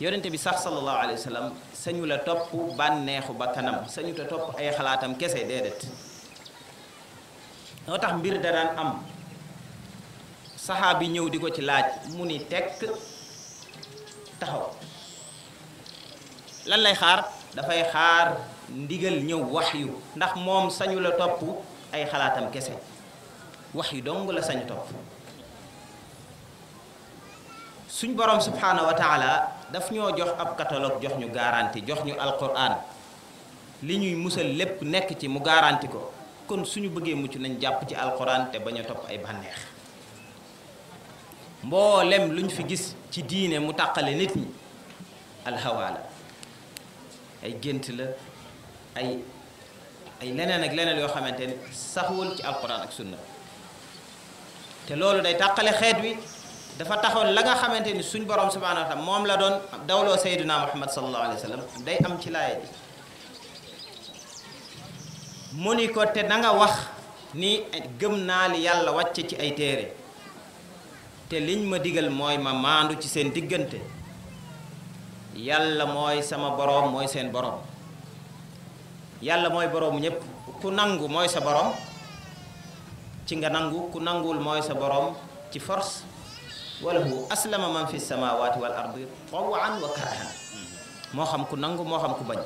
yonente bi sax sallallahu alayhi wa sallam sañu la topp bànneexu ba kanam sañu topp ay xalaatam kese déedéet noo tax mbir da am am saxaabi ñëw di ko ci laaj mu ni tekk taxaw lan lay xaar dafay xaar ndigal ñëw wax yu ndax moom sañu la topp ay xalaatam kese wax yu dong la sañu topp suñ borom subhaanahu wa taala daf ñoo jox ab catalogue jox ñu garanti jox ñu alquran li ñuy musal lépp nekk ci mu garanti ko kon suñu bëggee mucc nañ jàpp ci alquran te bañ a topp ay bànneex mboolem ñu fi gis ci diine mu tàqale nit ñi alxawaa ay gént la ay ay leneen ak leneen yoo xamante ni saxul ci alquran ak sunna te loolu day tàqale xeet wi dafa taxoon la nga xamante ni suñ borom subhanahu moom la doon dawloo sayduna muhammad sallallahu alayhi wa sallam day am ci laaya bi mu ni ko te na wax ni gëm naa li yàlla wàcce ci ay téere te liñ ma digal mooy ma maandu ci seen diggante yàlla mooy sama boroom mooy seen boroom yàlla mooy boroomu ñépp ku nangu mooy sa boroom ci nga nangu ku nanguwul mooy sa boroom ci force wala hu aslama man fi samawati wal ardi tawan wa karahan moo xam ku nangu moo xam ku bañ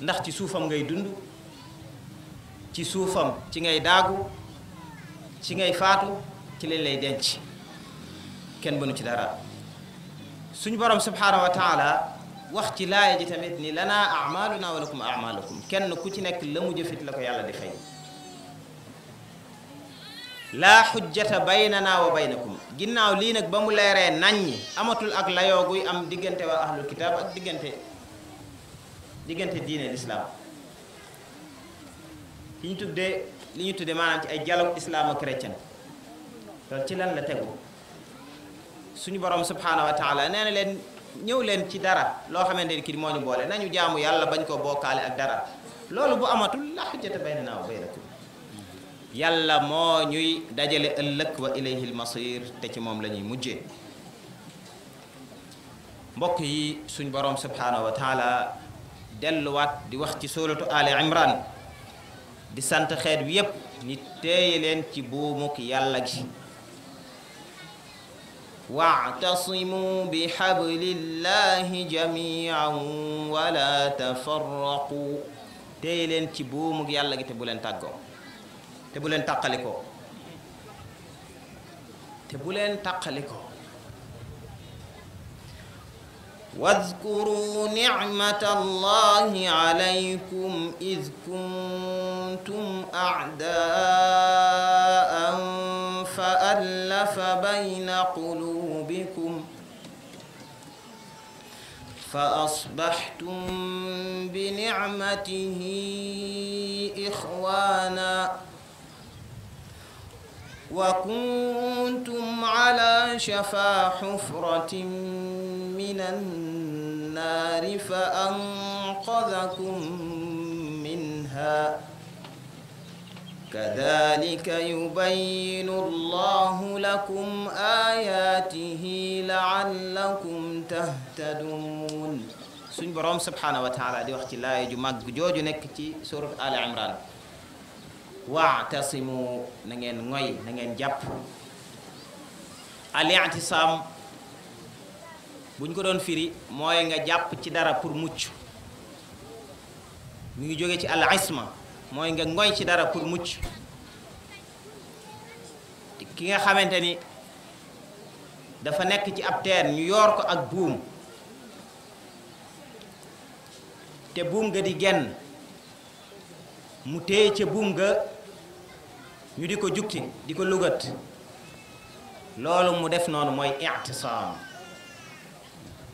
ndax ci suufam ngay dund ci suufam ci ngay daagu ci ngay faatu ci lañ lay denc kenn mënu ci dara suñu borom subhaanahu wa wax ci laaya ji tamit ni lanaa amaluna wa lakum amalukum kenn ku ci nekk la mu jëfit la ko yàlla di fay laa xujjata baynana wa baynakum ginnaaw lii nag ba mu leeree naññi amatul ak layooguy am diggante waa ahlul kitaab ak diggante diggante diine lislaam li ñu tuddee li ñu tuddee maanaam ci ay dialogue islamo-chrétien loolu ci lan la tegu suñu borom subhaanahu wa taala nee na leen ñëw leen ci dara loo xamante ni kii moo ñu boole nañu jaamu yàlla bañ koo bokkaale ak dara loolu bu amatul la xujjata baynanaa wa baynakum yàlla moo ñuy dajale ëllëg wa ilayhi l te ci moom lañuy mujje mbokk yi suñu borom subhaanahu wa delluwaat di wax ci suuratu Ali Imran di sant xeet wi yépp ni téeye leen ci buumuk yàlla gi waatasimu bi xablillahi jamian wala tafarraqu téye leen ci buumuk yàlla gi te bu leen tàggoo te bu leen tàqalikoo te bu leen tàqalikoo واذكروا نعمة الله عليكم إذ كنتم أعداء فألف بين قلوبكم فأصبحتم بنعمته إخواناً وكنتم على شفا حفرة من النار فأنقذكم منها كذلك يبين الله لكم آياته لعلكم تهتدون سن بروم سبحانه وتعالى دي وقت لا يجو ماغ جوجو نك سورة آل عمران waatasimu na ngeen ngoy na ngeen jàpp al i'tisaam buñ ko doon firi mooy nga jàpp ci dara pour mucc mu ngi jóge ci al isma mooy nga ngoy ci dara pour mucc ki nga xamante ni dafa nekk ci ab teen ñu yoor ko ak buum te buum ga di genn mu téye ca buum ga ñu di ko jukki di ko lugat loolu mu def noonu mooy ictisaam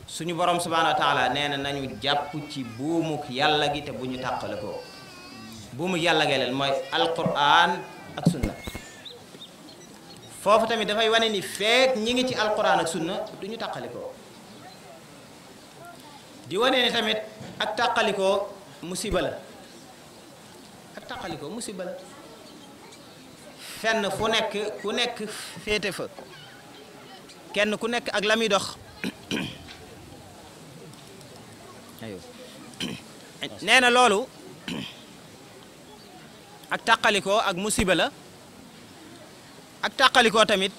suñu boroom subhanahu wa taala nee na nañu jàpp ci buumuk yàlla gi te bu ñu tàqale ko buumuk yàlla gi leen mooy alquran ak sunna foofu tamit dafay wane ni feek ñi ngi ci alquran ak sunna du ñu tàqale di wane ni tamit ak tàqalikoo musiba la ak tàqalikoo musiba la fenn fu nekk ku nekk féete fa kenn ku nekk ak la muy dox *coughs* *coughs* nee na loolu *coughs* ak tàqalikoo ak musiba la ak tàqalikoo tamit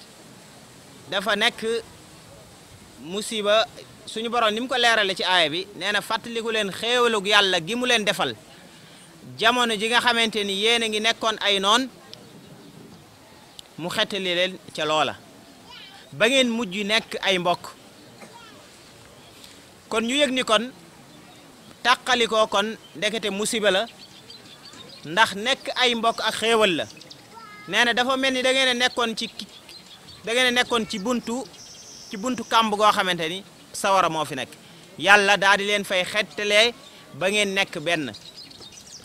dafa nekk musiba suñu borom ni mu ko leerale ci aaya bi nee na fàttaliku leen xéewalug yàlla gi mu leen defal jamono ji nga xamante ni yéen a ngi nekkoon ay noon mu xettali leen ca loola ba ngeen mujj nekk ay mbokk kon ñu yëg ni kon tàqalikoo kon ndekete musiba la ndax nekk ay mbokk ak xéewal la nee na dafa mel ni da ngeen nekkoon ci da ngeen nekkoon ci buntu ci buntu kàmb goo xamante ni sawara moo fi nekk yàlla daal di leen fay xettalee ba ngeen nekk benn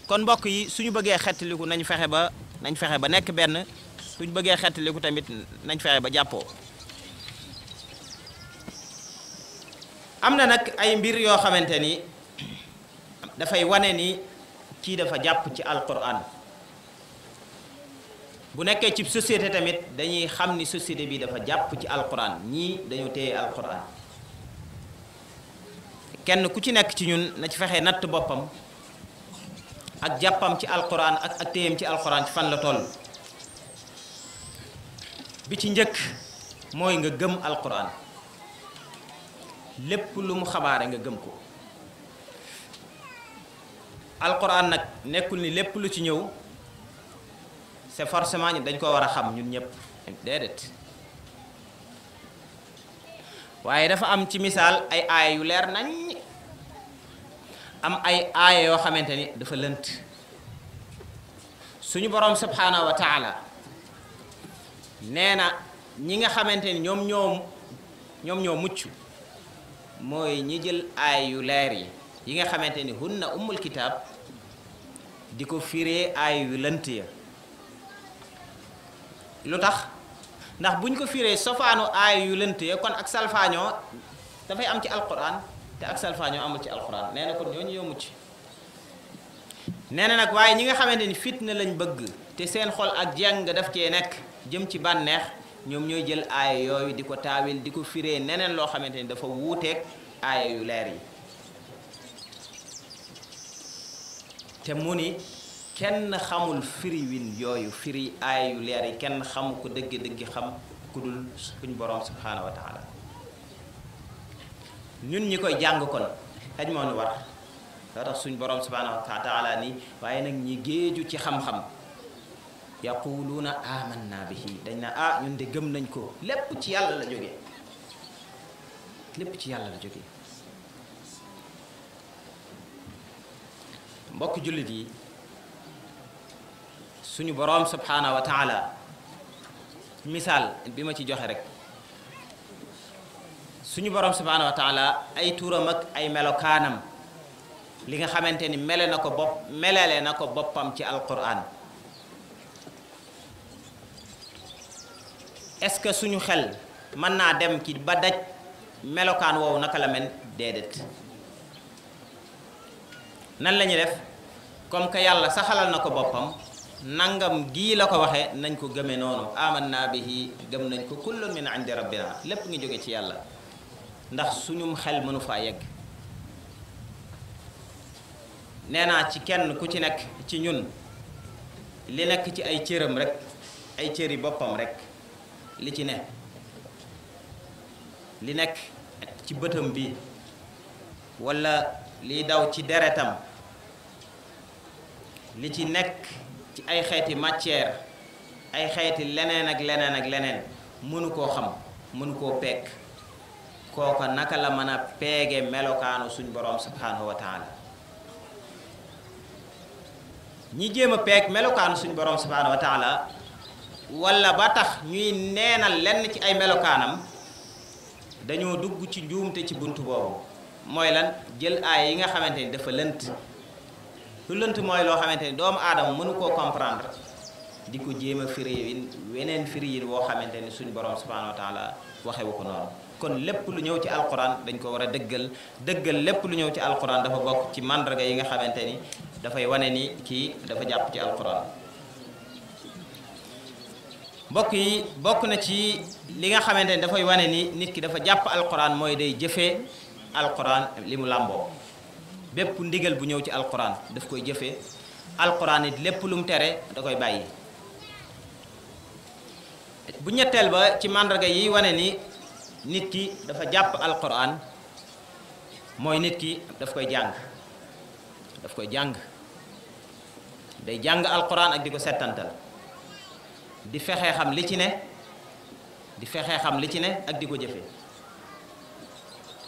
kon mbokk yi suñu bëggee xettaliku nañ fexe ba nañ fexe ba nekk benn suñ bëggee xettaliku tamit nañ fexe ba jàppoo am na nag ay mbir yoo xamante ni dafay wane ni kii dafa jàpp ci alquran bu nekkee ci société tamit dañuy xam ni société bi dafa jàpp ci alquran ñii dañoo téye alquran kenn ku ci nekk ci ñun na ci fexe natt boppam ak jàppam ci alquran ak ak téyam ci alxuraan ci fan la toll bi ci njëkk mooy nga gëm alquran lépp lu mu xabaare nga gëm ko alquran nag nekkul ni lépp lu ci ñëw c'est forcément ñun dañ koo war a xam ñun ñëpp déedéet waaye dafa am ci misaal ay aaya yu leer nañ am ay aaya yoo xamante ni dafa lënt suñu boroom subhaanahu wa nee na ñi nga xamante ni ñoom ñoom ñoom ñoo mucc mooy ñi jël aay yu leer yi yi nga xamante ni hunna ummul kitaab di ko fiire aay yu lënt ya lu tax ndax buñ ko fiire sofaanu aay yu lënt ya kon ak salfaañoo dafay am ci alquran te ak salfaañoo amul ci alquran nee na kon ñooñu yoo mucc nee na nag waaye ñi nga xamante ni fitna lañ bëgg te seen xol ak jàng def cee nekk jëm ci bànneex ñoom ñooy jël aaya yooyu di ko taawil di ko fiire neneen loo xamante ni dafa wuuteeg aaya yu leer yi te mu ni kenn xamul firiwin yooyu firi aaya yu leer yi kenn xamu ko dëgg-dëgg xam ku dul suñ borom subhaanahu wa taala ñun ñi koy jàng kon xaj moo nu war loo tax suñ borom subhaanahu wa taala waaye nag ñi géeju ci xam-xam yaquluuna bi bihi dañ na ah ñun de gëm nañ ko lépp ci yàlla la jóge lépp ci yàlla la jóge mbokk jullit yi suñu boroom subhaanahu wa misaal bi ma ci joxe rek suñu boroom subhaanahu wa ay tuuram ak ay melokaanam li nga xamante ni mele na ko bopp melale na ko boppam ci alquran est-ce que suñu xel mën naa dem ki ba daj melokaan woowu naka la mel déedéet nan la ñuy def comme que yàlla saxalal na ko boppam nangam gii la ko waxee nañ ko gëmee noonu aman naa bihi gëm nañ ko kullun min indi rabbina lépp nga jóge ci yàlla ndax suñum xel mënu faa yegg nee naa ci kenn ku ci nekk ci ñun li nekk ci ay cëram rekk ay cëri boppam rekk li ci ne li nekk ci bëtam bi walla liy daw ci deretam li ci nekk ci ay xeeti matière ay xeeti leneen ak leneen ak leneen mënu koo xam mënu koo peek kooka naka la mën a peege melokaanu suñ boroom subhaanahu wa ñi jéem a peeg melokaanu suñ borom subhaanahu wa walla ba tax ñuy neenal lenn ci ay melokaanam dañoo dugg ci njuumte ci bunt boobu mooy lan jël aay yi nga xamante ni dafa lënt lu lënt mooy loo xamante ni doomu aadama mënu koo comprendre di ko jéem a firi yi weneen firi yi boo xamante ni suñu borom subhanahu wa taala waxewu ko noonu kon lépp lu ñëw ci alquran dañ ko war a dëggal dëggal lépp lu ñëw ci alquran dafa bokk ci mandarga yi nga xamante ni dafay wane ni kii dafa jàpp ci alquran mbokk yi bokk na ci li nga xamante ni dafay wane ni nit ki dafa jàpp alquran mooy day jëfee alquran li mu làmboo bépp ndigal bu ñëw ci alquran daf koy jëfee alquran it lépp lu mu tere da koy bàyyi bu ñetteel ba ci màndarga yi wane ni nit ki dafa jàpp alquran mooy nit ki daf koy jàng daf koy jàng day jàng alquran ak di ko setantal di fexee xam li ci ne di fexe xam li ci ne ak di ko jëfe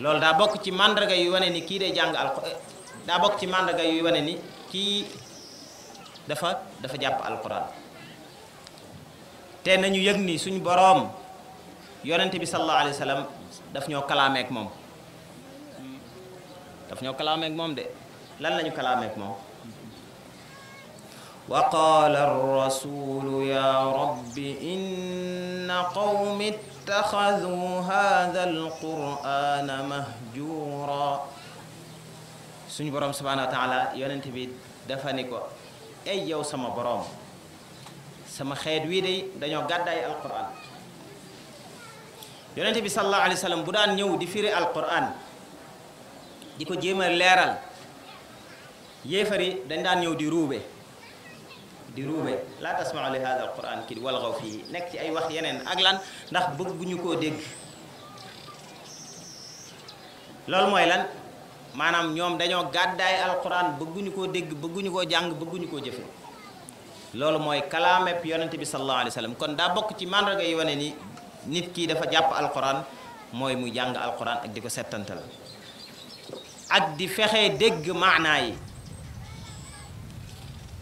loolu daa bokk ci màndarga yu wane ni kii day jàng alquran daa bokk ci màndaga yu wane ni kii dafa dafa jàpp alquran te nañu yëg ni suñu boroom yonente bi sallallahu alayhi wa daf ñoo kalaameek moom daf ñoo kalaameek moom de lan lañu kalaameek moom وقال الرسول يا رب إن قوم اتخذوا هذا القرآن مهجورا suñu boroom subhaanahu wa taala yonent bi dafa ni ko ay yow sama boroom sama xeet wii de dañoo gàddaay alquran yonent bi sallallahu alayhi bu daan ñëw di firi alquran ko jéem leeral yéefari dañ daan ñëw di ruube di ruube laa tasmau li hada alquran kii walgaw fii nekk ci ay wax yeneen ak lan ndax bëgguñu koo dégg loolu mooy lan maanaam ñoom dañoo gàddaay alquran bëgguñu koo dégg bëgguñu koo jàng bëgguñu koo jëfe loolu mooy kalaameb yonente bi sallallahu alayhi wa sallam kon daa bokk ci mandarga yi wone ni nit kii dafa jàpp alquran mooy mu jàng alquran ak di ko settantal ak di fexe dégg maanaa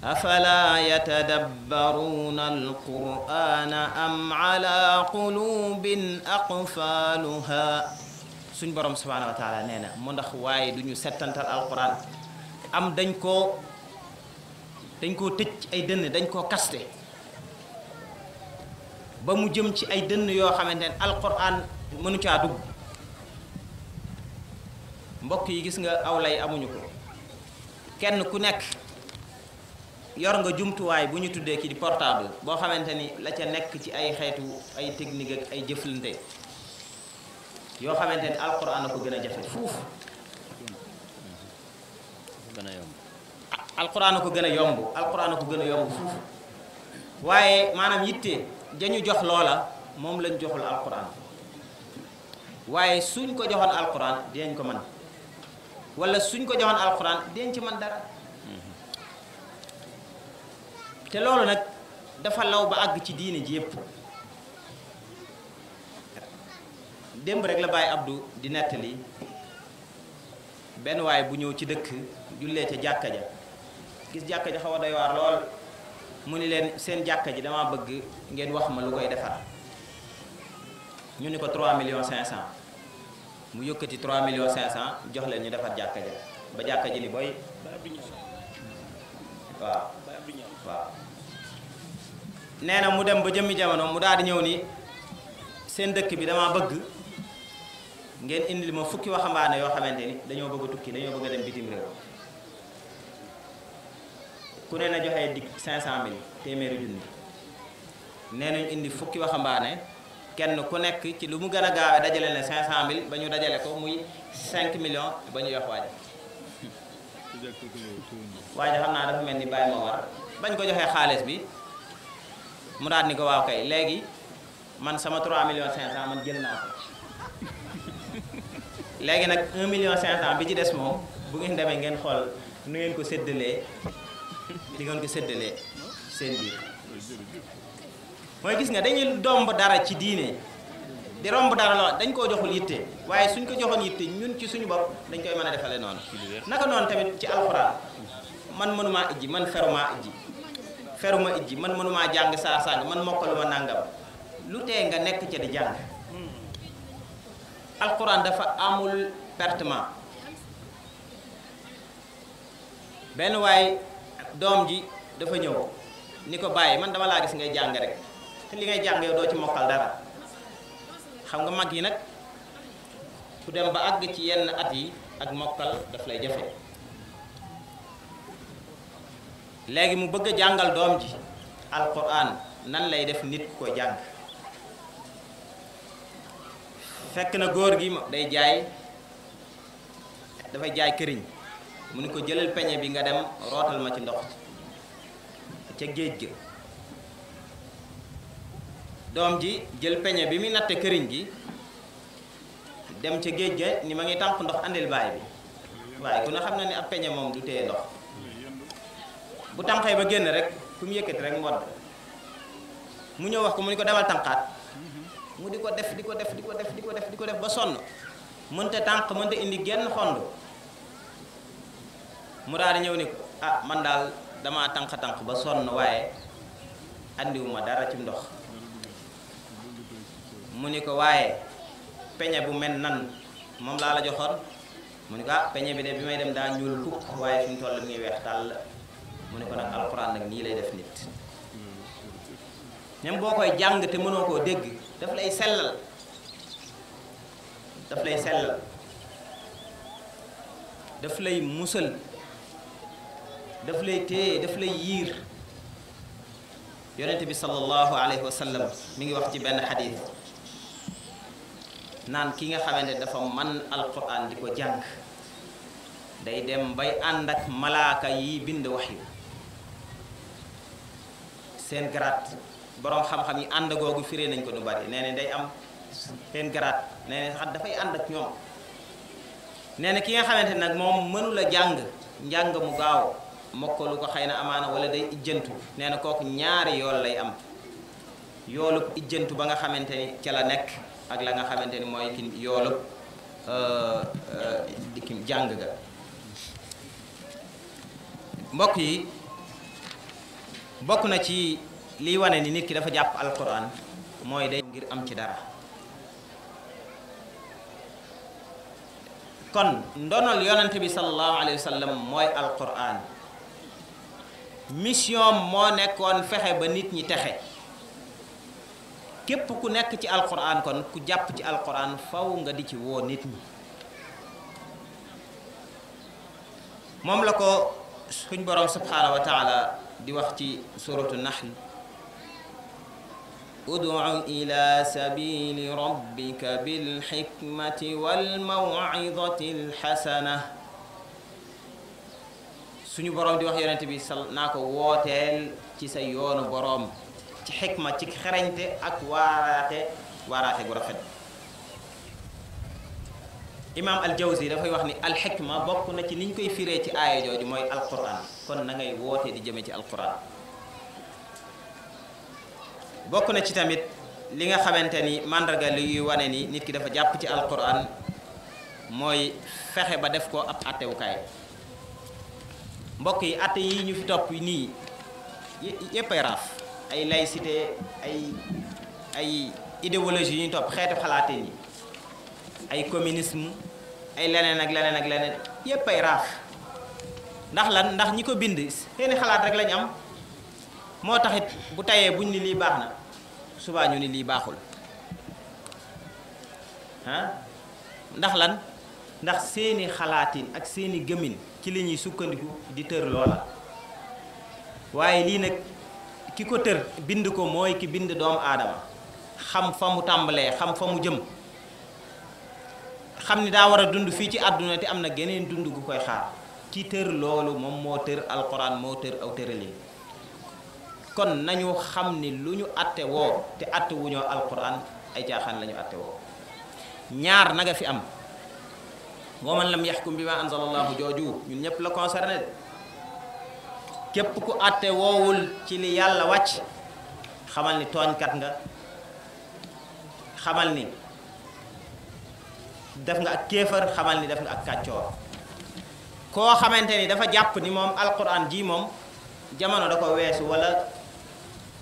أفلا يتدبرون القرآن أم على قلوب أقفالها suñ borom subhaanahu wa nee na mu ndax waaye duñu ñu settantal alquran am dañ koo dañ koo tëj ay dënn dañ koo kaste ba mu jëm ci ay dënn yoo xamante ne alquran mënu caa dugg mbokk yi gis nga aw lay amuñu ko kenn ku nekk yor nga jumtuwaay bu ñu tuddee kii di portable boo xamante ni la ca nekk ci ay xeetu ay technique ak ay jëflante yoo xamante ni alquran a ko gën a jafe fuuf gën a ko gën a yomb alquran a ko gën a yomb fuuf waaye maanaam yitte dañu jox loola moom lañ joxul alquran waaye suñ ko joxoon alquran dinañ ko mën wala suñ ko joxoon alquran dinañ ci mën dara te loolu nag dafa law ba àgg ci diine ji yépp démb rek la bàyyi Abdou di nettali benn waay bu ñëw ci dëkk jullee ca jàkka ja gis jàkka ja xaw a waar lool mu ni leen seen jàkka ji dama bëgg ngeen wax ma lu koy defar ñu ni ko 3 millions 500 mu yëkkati 3 millions 500 jox leen ñu defar jàkka ja ba jàkka ji ni boy waaw waaw nee na mu dem ba jëmmi jamono mu daal di ñëw ni seen dëkk bi damaa bëgg ngeen indi li ma fukki waxambaane yoo xamante ni dañoo bëgg a tukki dañoo bëgg a dem bitim réew ku ne na joxee dig 500000 téeméeri junni nee nañ indi fukki waxambaane kenn ku nekk ci lu mu gën a gaawee dajale ne 500000 ba ñu dajale ko muy cinq millions ba ñu yox waaja waaja xam naa dafa mel ni bàyyi ma war bañ ko joxee xaalis bi mu daal ni ko waaw kay léegi man sama 3 millions 500 man jël naa ko *laughs* léegi nag 1 million 500 bi ci des moom bu ngeen demee ngeen xool ni ngeen ko séddalee di ngeen ko séddalee seen biir mooy gis nga dañuy domb dara ci diine di romb dara loo dañ koo joxul yitte waaye suñ ko joxoon yitte ñun ci suñu bopp dañ koy mën a defale noonu naka noonu tamit ci alxuraan man mënumaa ijji man feruma ijji feruma ijji man mënumaa jàng saa sàng man mokkaluma nàngam lu tee nga nekk ca di jàng alxuraan dafa amul pertement benn waay doom ji dafa ñëw ni ko bàyyee man dama laa gis ngay jàng rek te li ngay jàng yow doo ci mokkal dara xam nga mag yi nag ku dem ba àgg ci yenn at yi ak mokkal daf lay jafe léegi mu bëgg a jàngal doom ji alquran nan lay def nit ku ko jàng fekk na góor gi day jaay dafay jaay këriñ mu ni ko jëlal peñe bi nga dem rootal ma ci ndox ca géej ga doom ji jël peñe bi muy natte këriñ gi dem ca géej ga ni ma ngi tànk ndox andil baay bi waaye ku ne xam na ni ab peñe moom du téye ndox bu tànqee ba génn rek fu mu yëkkati rek mbodd mu ñëw wax ko mu ni ko demal tànqaat mu di ko def di ko def di ko def di ko def di ko def ba sonn mënta tànq mënta indi genn xond mu daal di ñëw ni ko ah, man daal damaa tànq-tànq ba sonn waaye andiwuma dara ci ndox mu ni ko waaye peñe bu mel nan moom laa la joxoon mu ni ko ah peñe bi de bi may dem daa ñuul kukk waaye fi mu toll mi weex tàll mu ne ko nag alxuraan nag nii lay def nit même boo koy jàng te mënoo koo dégg daf lay sellal daf lay sellal daf musal daf lay téye daf lay yiir yonent bi sallallahu alayhi wa sallam mi ngi wax ci benn xadis naan ki nga xamante ne dafa man alquran di ko jàng day dem bay ànd ak malaaka yi bind wax yu seen garaat borom xam-xam yi ànd googu firee nañ ko du bari nee na day am seen garaat nee na dafay ànd ak ñoom nee na ki nga xamante nag moom mënula jàng njàng mu gaaw ko xëy na amaana wala day ijjantu nee na kooku ñaari yool lay am yoolub ba nga xamante ni ca la nekk ak la nga xamante ni mooy ki yoolub euh, euh, jàng ga mbokk yi bokk na ci liy wane ni nit ki dafa jàpp alquran mooy de ngir am ci dara kon ndonal yonante bi sallallahu alayhi wa mooy alquran mission moo nekkoon fexe ba nit ñi texe képp ku nekk ci alquran kon ku jàpp ci alquran faw nga di ci woo nit ñi moom la ko suñ borom subhanahu wa di wax ci suratu naxl udu ila sabili rabbika bilxikmati walmawidati alxasana suñu boroom di wax yonent bi sal naa ko wooteel ci sa yoonu boroom ci xikma ci xarañte ak waaraate waaraate gu rafet imaam aljawzi dafay wax ni alxikma bokk na ci liñ koy firee ci aaya jooju mooy alquran kon na ngay woote di jëme ci alquran bokk na ci tamit li nga xamante ni màndarga li yuy wane ni nit ki dafa jàpp ci alquran mooy fexe ba def ko ab attewukaay mbokk yi atte yi ñu fi topp nii yépp ay raaf ay laïcité ay ay idéologie yu ñu topp xeetu xalaate yi ay communisme ay leneen ak leneen ak leneen yépp ay raaf ndax lan ndax ñi ko bind seeni xalaat rek lañ am moo taxit bu tayee buñ ni lii baax na subaa ñu ni lii baaxul ndax lan ndax seeni xalaatin ak seeni gëmin ci li ñuy sukkandiku di tër loola waaye lii nag ki ko tër bind ko mooy ki bind doomu aadama xam fa mu tàmbalee xam fa mu jëm xam ni daa war a dund fii ci àdduna te am na geneen dund gu koy xaar ci tër loolu moom moo tër alxuraan moo tër aw tëralin kon nañu xam ni lu ñu atte woo te atte wuñoo alxuraan ay caaxaan la ñu atte woo ñaar na nga fi am waman lam yaxkum bi ma anzalallahu jooju ñun ñëpp la concerné képp ku atte woowul ci li yàlla wàcc xamal ni tooñkat nga xamal ni def nga ak kéefar xamal ni def nga ak kàccoor koo xamante ni dafa jàpp ni moom alxuraan jii moom jamono da ko weesu wala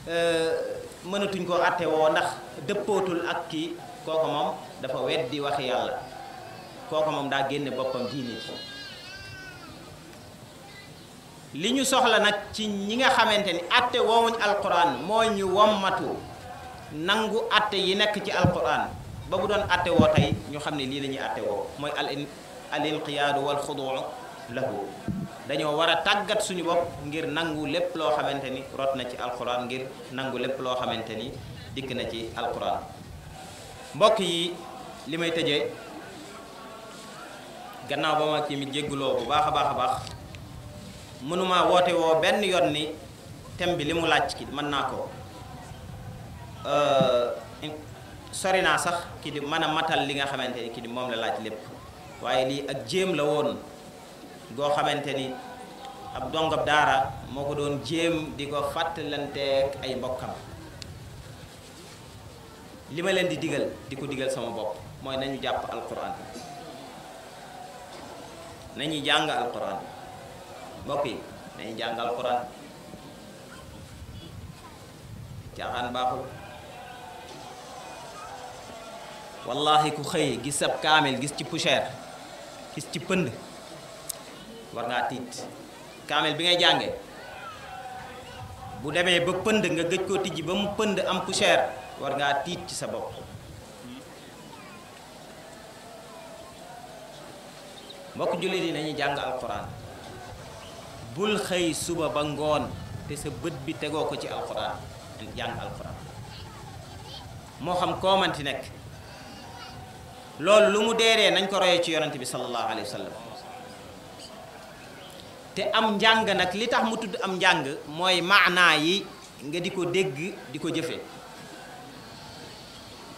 euh, mënatuñ koo atte woo ndax dëppootul ak kii kooku moom dafa weddi waxi yàlla kooku moom daa génne boppam diine ci li ñu soxla nag ci ñi nga xamante ni atte woowuñ alquran mooy ñu wommatu nangu atte yi nekk ci alquran ba bu doon atte woo tey ñu xam ne lii la ñuy woo mooy al al inqiyaadu wal xuduu lahu dañoo war a tàggat suñu bopp ngir nangu lépp loo xamante ni rot na ci alquran ngir nangu lépp loo xamante ni dikk na ci alquran mbokk yi li may tëjee gannaaw ba ma ci mi jégguloo bu baax a baax a baax mënuma woote woo benn yoon ni thème bi li mu laaj ki mën naa ko euh, sori naa sax ki di mën a matal li nga xamante ni ki di moom la laaj lépp waaye lii ak jéem la woon goo xamante ni ab dongab daara moo ko doon jéem di ko fàttalanteeg ay mbokkam li ma leen di diggal di ko digal sama bopp mooy nañu jàpp alquran nañuy jàng alquran mbokk yi nañuy jàng alquran caaxaan baaxul wallahi ku xëy gis sab kaamil gis ci poussière gis ci pënd war ngaa tiit kaamil bi ngay jànge bu demee ba pënd nga gëj koo tijji ba mu pënd am poussière war ngaa tiit ci sa bopp mbokk jullit yi nañu jàng alquran bul xëy suba ba ngoon te sa bët bi tegoo ko ci alquran jàng alquran moo xam koomanti nekk loolu lu mu deeree nañ ko royee ci yonante bi sallallahu alayhi wa sallam te am njàng nag li tax mu tudd am njàng mooy maanaa yi nga di ko dégg di ko jëfe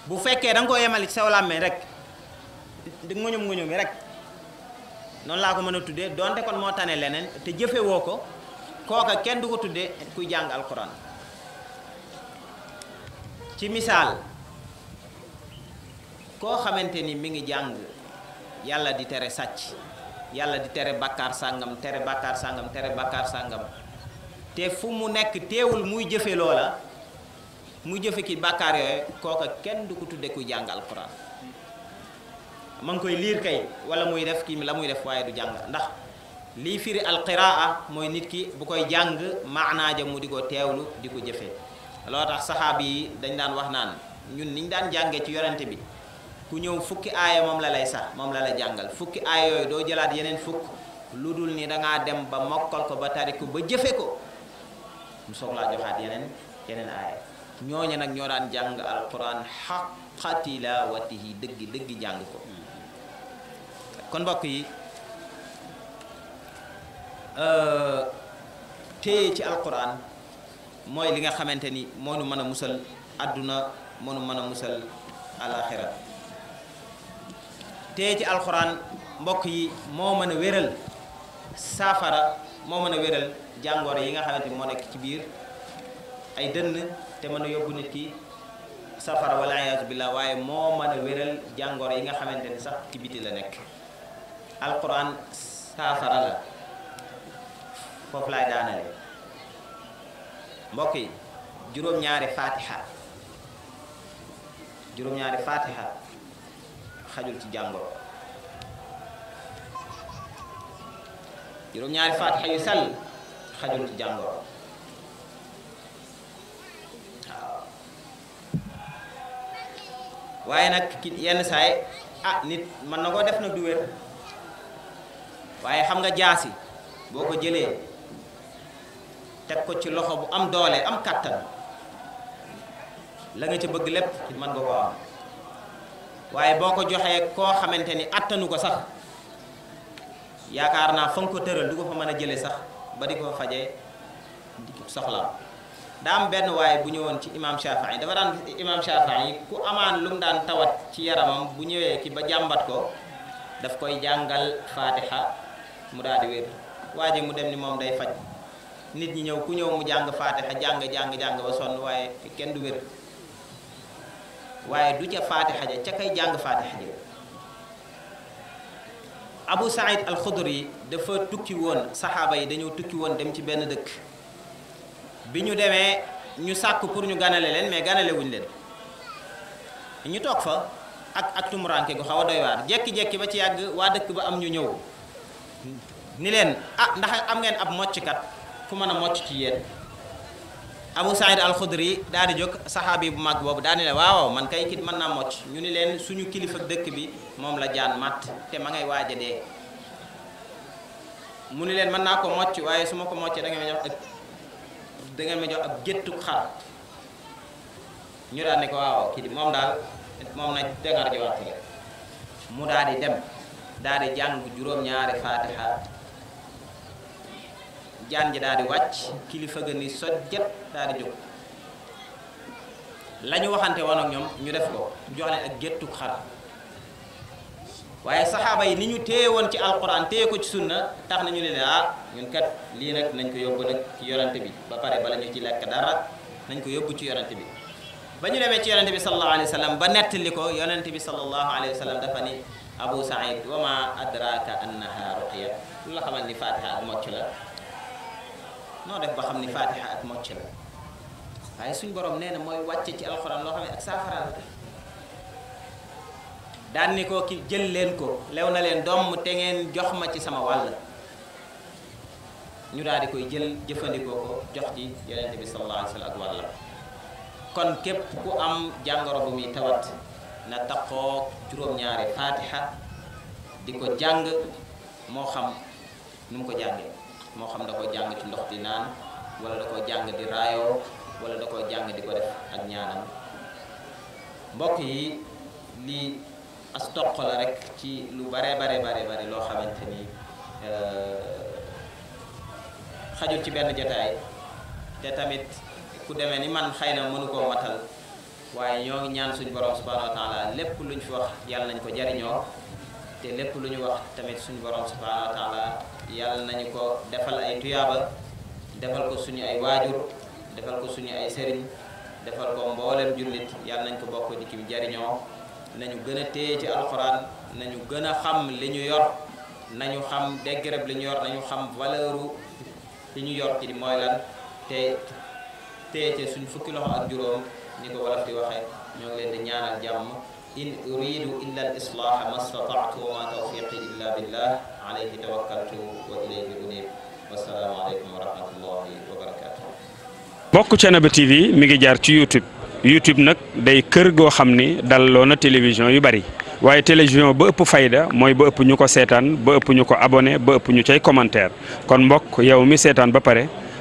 bu fekkee danga nga koo yemale ci saw làmmiñ rek di nguñum nguñum yi rek noonu laa ko mën a tuddee doonte kon moo tane leneen te jëfe woo ko kooka kenn du ko tuddee kuy jàng alquran ci misaal koo xamante ni mi ngi jàng yàlla di tere sàcc yàlla di tere bàkkaar sàngam tere bàkkaar sàngam tere bàkkaar sàngam te fu mu nekk teewul muy jëfe loola mu jëfe ki bàkkaar yooyu kooka kenn du ko tudde ku jàng alxuraan ma ngi koy liir kay wala muy def kii la muy def waaye du jàng ndax lii fiir alqiraa mooy nit ki bu koy jàng maanaa mu di ko teewlu di ko jëfe loo tax saxaab yi dañ daan wax naan ñun niñ daan jàngee ci yorante bi ku ñëw fukki aaya moom la lay sax moom la la jàngal fukki aaya doo jëlaat yeneen fukk lu dul nii dangaa dem ba mokkal ko ba tari ko ba jëfe ko mu soog laa joxaat yeneen yeneen aaya ñooñu nag ñoo daan jàng alquran xaqa tilaawatihi dëgg dëgg jàng ko kon mbokk yi euh, téye ci alquran mooy li nga xamante ni moo nu mën a musal àdduna moo nu mën a musal alaxira tey ci alxuraan mbokk yi moo mën a wéral saafara moo mën a wéral jàngooro yi nga xamante moo nekk ci biir ay dënn te mën a yóbbu nit ki safara wala ayaatu billah waaye moo mën a wéral jàngooro yi nga xamante ni sax ci biti la nekk alxuraan saafara la foofu laay daanale mbokk yi juróom-ñaari fatiha juróom-ñaari fatiha xajul ci jàngoro juróom-ñaari faatixa yu sell xajul ci jàngoro waaw waaye nag ki yenn saay ah nit mën na koo def nag du wér waaye xam nga jaasi boo ko jëlee teg ko ci loxo bu am doole am kàttan la nga ca bëgg lépp mën nga ko am waaye boo ko joxee koo xamante ni àttanu ko sax yaakaar naa fa nga ko tëral du ko fa mën a jëlee sax ba di ko fajee soxla daa am benn waaye bu ñëwoon ci imam yi dafa daan imam yi ku amaan lu mu daan tawat ci yaramam bu ñëwee ki ba jàmbat ko daf koy jàngal faatiha mu daal di wér waa mu dem ni moom day faj nit ñi ñëw ku ñëw mu jàng faatiha jàng jàng jàng ba sonn waaye kenn du wér waaye du ca faatixa ja ca kay jàng faatixa ja abu saïd alxudri yi dafa tukki woon saxaaba yi dañoo tukki woon dem ci benn dëkk bi ñu demee ñu sàkk pour ñu ganale leen mais ganale wuñ leen ñu toog fa ak ak tumuranke gu xaw a doy waar jekki-jekki ba ci yàgg waa dëkk ba am ñu ñëw ni leen ah ndax am ngeen ab mocckat ku mën a mocc ci yéen Abu Saïd al-Khudri daal di jóg saxaabi bu mag boobu daal di ne waaw man kay kit man naa mocc ñu ni leen suñu kilifa dëkk bi moom la jaan matt te ma ngay waaj a dee mu ni leen mën naa ko mocc waaye su ma ko moccee da ngeen ma jox ak da ma jox ab géttug xat ñu daal ne ko waaw kii moom daal moom na dangar ji waxtu mu daal di dem daal di jàng juróom-ñaari faatiha jaan ji daal di wàcc kilifa ga ni sojjet daal di jóg la ñu waxante woon ak ñoom ñu def ko jox leen ak géttug xar waaye saxaaba yi ni ñu téye woon ci alquran téye ko ci sunna tax nañu ne ah ñun kat lii nag nañ ko yóbbu nag ci yorante bi ba pare bala ñu ci lekk dara nañ ko yóbbu ci yorante bi ba ñu demee ci yorante bi sallallahu alayhi wa ba nettali ko yorante bi sallallahu alayhi wa sallam dafa ni Abu Saïd wa ma adraka annaha lu la xamal ni fatiha ak la noo def ba xam ni fatiha ak mocc la waaye suñ boroom nee na mooy wàcce ci alxuraan loo xam ne ak saafara la daan ni ko ki jël leen ko lew na leen doom te ngeen jox ma ci sama wàll ñu daal di koy jël jëfandikoo ko jox ci yonent bi sallallahu alayhi wa ak wàllam kon képp ku am jàngoro bu muy tawat na taqoo juróom-ñaari fatiha di ko jàng moo xam nu mu ko jàngee moo xam da ko jàng ci ndox di naan wala da ko jàng di raayoo wala da ko jàng di ko def ak ñaanam mbokk yi lii as toq la rekk ci lu bare bare bare bare loo xamante ni euh, xajul ci benn jataay te tamit ku demee ni man xay na mënu koo matal waaye ñoo ngi ñaan suñu borom subhanahu wa lépp luñ fi wax yàlla nañ ko jariñoo te lépp lu ñu wax tamit suñu borom subhanahu wa taala yàlla nañu ko defal ay tuyaaba defal ko suñu ay waajur defal ko suñu ay sëriñ defal ko mboolem jullit yàlla nañ ko bokk di ki jariñoo nañu gën a téye ci alxuraan nañu gën a xam li ñu yor nañu xam degré li ñu yor nañu xam valeur li ñu yor ci mooy lan te téye ci suñu fukki loxo ak juróom ni ko wolof di waxee ñoo ngi leen di ñaanal jàmm in uridu illa al islaha ma stata'tu wa ma tawfiqi illa billah alayhi tawakkaltu wa ilayhi unib TV mi ngi jaar ci YouTube YouTube nag day kër goo xam ni dalloona na télévision yu bari waaye télévision ba ëpp fayda mooy ba ëpp ñu ko seetaan ba ëpp ñu ko abonné ba ëpp ñu cay commentaire kon mbokk yow mi seetaan ba pare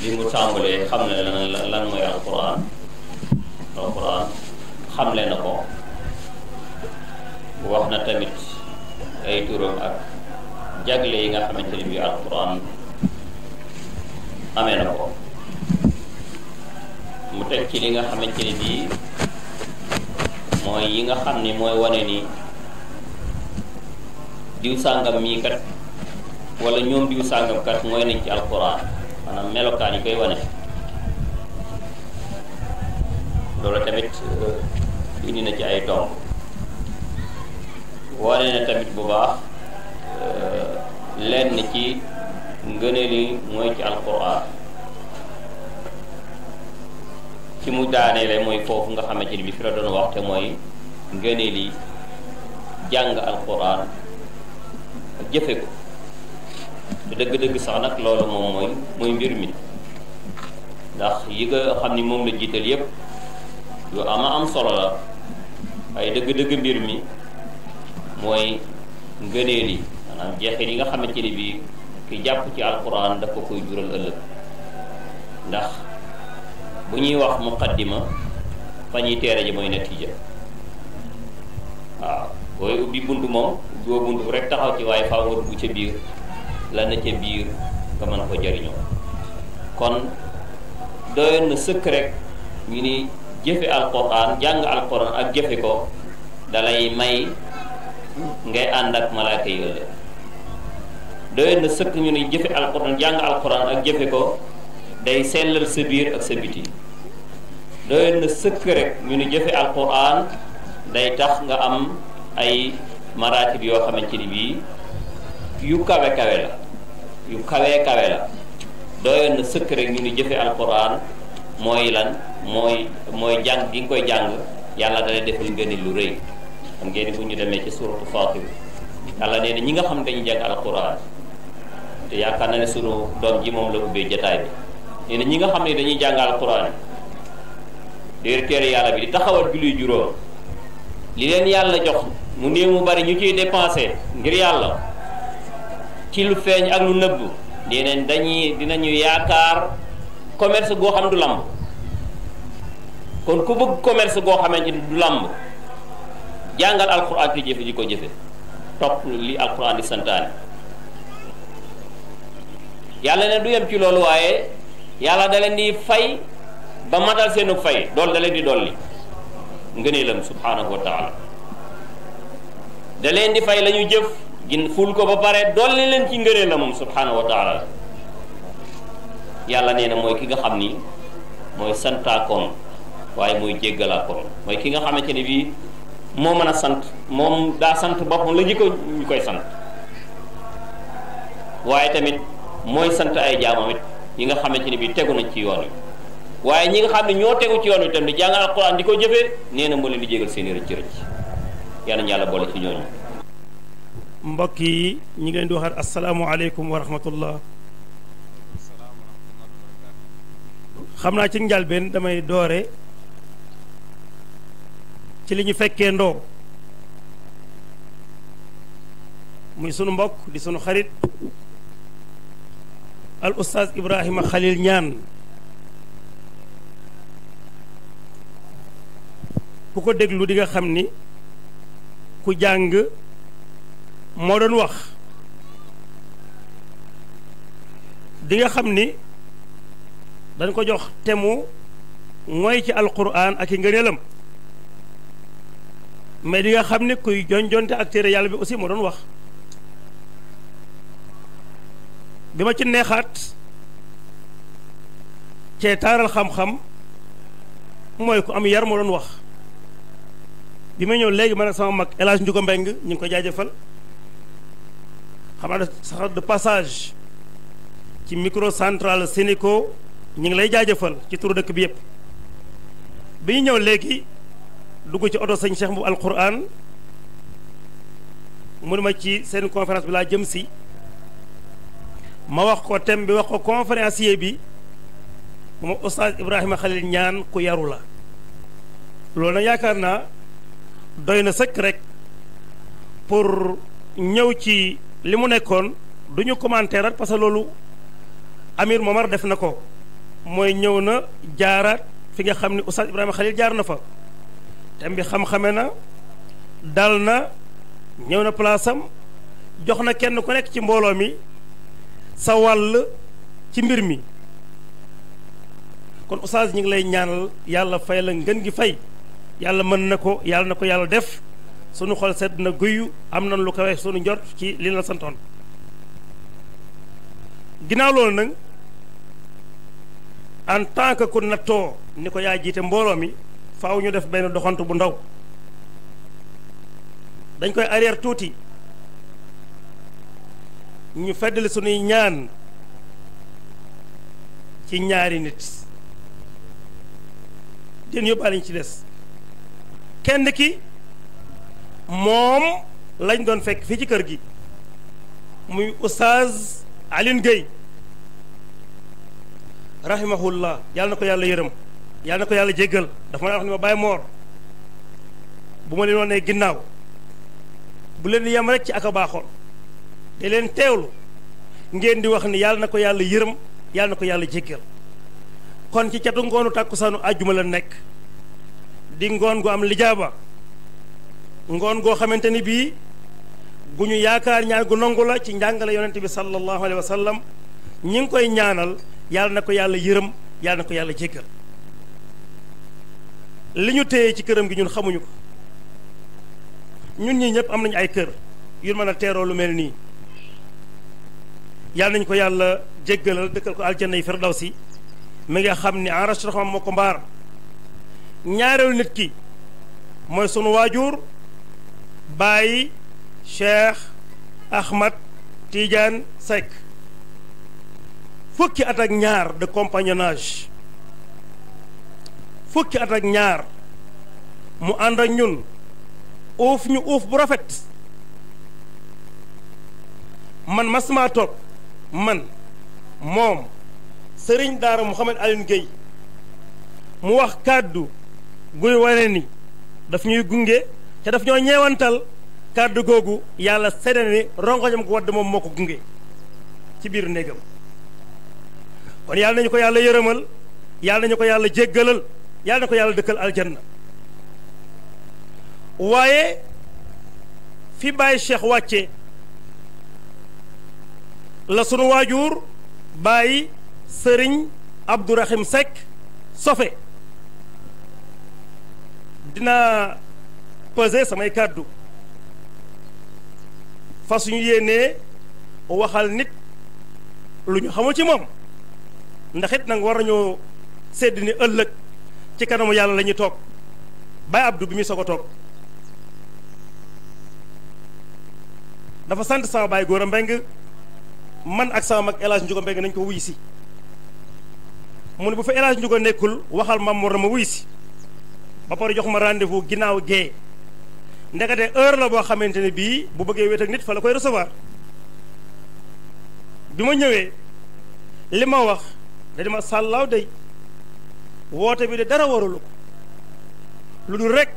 bi mu tàmbalee xam ne lan lan mooy alquran alquran xamle na ko wax na tamit ay turam ak jagle yi nga xamante ne bi alquran mu teg ci li nga xamante ni bi mooy yi nga xam ni mooy wane nii diw sàngam mii kat wala ñoom diw sàngam kat mooy nañ ci alquran maanaam melokaan yi koy wane loolu tamit uh, indi na ci ay tomb wane na tamit bu baax uh, lenn ci ngëneel yi mooy ci alquran ci mu daaneele mooy foofu nga xamante ni bi fi la doon wax te mooy ngëneel li jàng alquran ak jëfe ko te dëgg-dëgg sax nag loolu moom mooy mooy mbir mi ndax yi nga xam ni moom la jiital yépp yu ama am solo la waaye dëgg-dëgg mbir mi mooy ngëneel yi maanaam jeexit yi nga xamante ni bii ki jàpp ci alquran dafa koy jural ëllëg ndax bu ñuy wax muqaddima fa ñuy teere ji mooy natiija waaw booy ubbi bunt moom doo bunt rek taxaw ci waaye faaw nga ca biir la na ca biir nga mën ko jariñoo kon doyoon na sëkk rek ñu ni jëfe alquran jàng alquran ak jëfe ko dalay may ngay ànd ak malaaka yooyu doyoon na sëkk ñu jëfe ak jëfe ko day sellal sa biir ak sa biti doyoon na sëkk rek ñu ni jëfe alquran day tax nga am ay maraatib yoo xamante ni bii yu kawe kawe la yu kawee kawe la doyoon na sëkk ngi ñu ni jëfe alquran mooy lan mooy mooy jàng gi nga koy jàng yàlla dalay defal ngeen lu rëy xam ngeen ni bu ñu demee ci suratu Fatir yàlla nee ñi nga xam dañu jàng te yaakaar na ne sunu doom ji moom la ubbee jataay bi nee na ñi nga xam ne dañuy jàng alquran déer teere yàlla bi di taxawal julli juróom li leen yàlla jox mu néew mu bari ñu ciy dépensé ngir yàlla ci lu feeñ ak lu nëbbu dineen dañuy dinañu yaakaar commerce goo xam du lamb kon ku bëgg commerce goo xamante ni du lamb jàngal alxuraan te jëfe di ko jëfe topp li alxuraan di santaane yàlla ne du yem ci loolu waaye yàlla da leen di fay ba matal seenu fay dool da leen di dolli ngëneelam subhaanahu wa taala da leen di fay la jëf gin ful ko ba pare dolli leen ci ngëree la moom subhanahu wa taala yàlla nee na mooy ki nga xam ni mooy santaakoon waaye mooy jéggalaakoon mooy ki nga xamante ne bii moo mën a sant moom daa sant boppam la jikko ñu koy sant waaye tamit mooy sant ay jaamam it yi nga xamante ne bii tegu na ci yoon wi waaye ñi nga xam ne ñoo tegu ci yoon wi tamit di jàngal alquran di ko jëfee nee na moo leen di jégal seen i rëcc rëcc yàlla ñu yàlla boole ci ñooñu. mbokk yi ñu ngi leen di waxaat asalaamualeykum wa rahmatullah xam naa ci njàlbeen damay doore ci li ñu fekkee ndoo muy sunu mbokk di sunu xarit al oustaz Ibrahima Khalil Niane ku ko déglu di xam ni ku jàng moo doon wax di nga xam ni dañ ko jox temu mooy ci alquran ak i ngëneelam mais di nga xam ni kuy jonjonte ak téere yàlla bi aussi moo doon wax bi ma ci neexaat cee taaral xam-xam mooy ku am yar moo doon wax bi ma ñëw léegi man a sama mag El Hadj Ndiouga Mbeng ñu ngi ko jaajëfal xam naa sax de passage ci microcentrale Sénéco ñu ngi lay jaajëfal ci turu dëkk bi yëpp bi ñu ñëw léegi dugg ci oto sëñ Cheikh Mbow Alquran mënu ma ci seen conférence bi laa jëm si ma wax ko thème bi wax ko conférencier bi moom Oustaz Ibrahima Khalil ñaan ku yaru la loolu nag yaakaar naa doy na sëkk rek pour ñëw ci li mu nekkoon du ñu commenter rek parce que loolu Amir Momar def na ko mooy ñëw na jaaraat fi nga xam ni Oustaz Ibrahima Khalil jaar na fa thème bi xam-xame na daal na ñëw na place jox na kenn ku nekk ci mbooloo mi sa wàll ci mbir mi kon Oustaz ñu ngi lay ñaanal yàlla fay la ngën gi fay yàlla mën na ko yàlla na ko yàlla def sunu xol sedd na guyu am nañ lu kawe sunu njort ci li la santoon ginnaaw loolu nag en tant que ku nattoo ni ko yaa jiite mbooloo mi faw ñu def benn doxant bu ndaw dañ koy arrière tuuti ñu feddali sunuy ñaan ci ñaari nit den yóbbaale ñu ci des kenn ki moom lañ doon fekk fii ci kër gi muy oustaz Alioune Guèye rahimahullah yàlla na ko yàlla yërëm yàlla na ko yàlla jéggal dafa ma wax ni ma bàyyi moor bu ma leen wanee ginnaaw bu leen yam rek ci ak a baaxoon di leen teewlu ngeen di wax ni yàlla na ko yàlla yërëm yàlla na ko yàlla jéggal kon ci catu ngoonu tàkkusaanu àjjuma la nekk di ngoon gu am lijaaba ngoon goo xamante ni bii gu ñu yaakaar ñaar gu nangu la ci njàngale yonent bi sallallahu alayhi wa sallam ñi ngi koy ñaanal yàlla na ko yàlla yërëm yàlla na ko yàlla jéggal li ñu téye ci këram gi ñun xamuñu ñun ñii ñëpp am nañu ay kër yu mën a teeroo lu mel nii yàlla nañ ko yàlla jéggalal dëkkal ko aljanna yi firdawsi mi nga xam ni enrach raxam moo ko mbaar ñaareelu nit ki mooy sunu waajur Baye Cheikh Ahmad tiijaan Seck fukki at ak ñaar de compagnonnage fukki at ak ñaar mu ànd ak ñun uuf ñu uuf bu rafet man masuma toog man moom sëriñ daara Mouhamed Alioune Guèye mu wax kàddu guy wane ni daf ñuy gunge te daf ñoo ñeewantal kàddu googu yàlla seede ni rongoñam wadd moom moo ko gunge ci biir néegam kon yàlla ñu ko yàlla yërëmal yàlla ñu ko yàlla jéggalal yàlla na ko yàlla dëkkal aljanna waaye fi bàyyi cheikh wàcce la sunu waajur bàyyi sëriñ abdourahim Seck sofe dina peser samay kàddu fas ñu yéenee waxal nit lu ñu xamul ci moom ndax it nag war nañoo sedd ni ëllëg ci kanamu yàlla la ñuy toog Baye Abdou bi muy soog a toog dafa sant sama baay góor a mbeng man ak sama mag El Hadj Ndiouga nañ ko wuy si mu ne bu fa El Hadj nekkul waxal Mamour na ma wuy si ba pare jox ma rendez-vous ginnaaw gee ndekete heure la boo xamante ne bii bu bëggee wéet ak nit fa la koy recevoir bi ma ñëwee li ma wax da ma sàllaaw day woote bi de dara warulu ko lu dul rek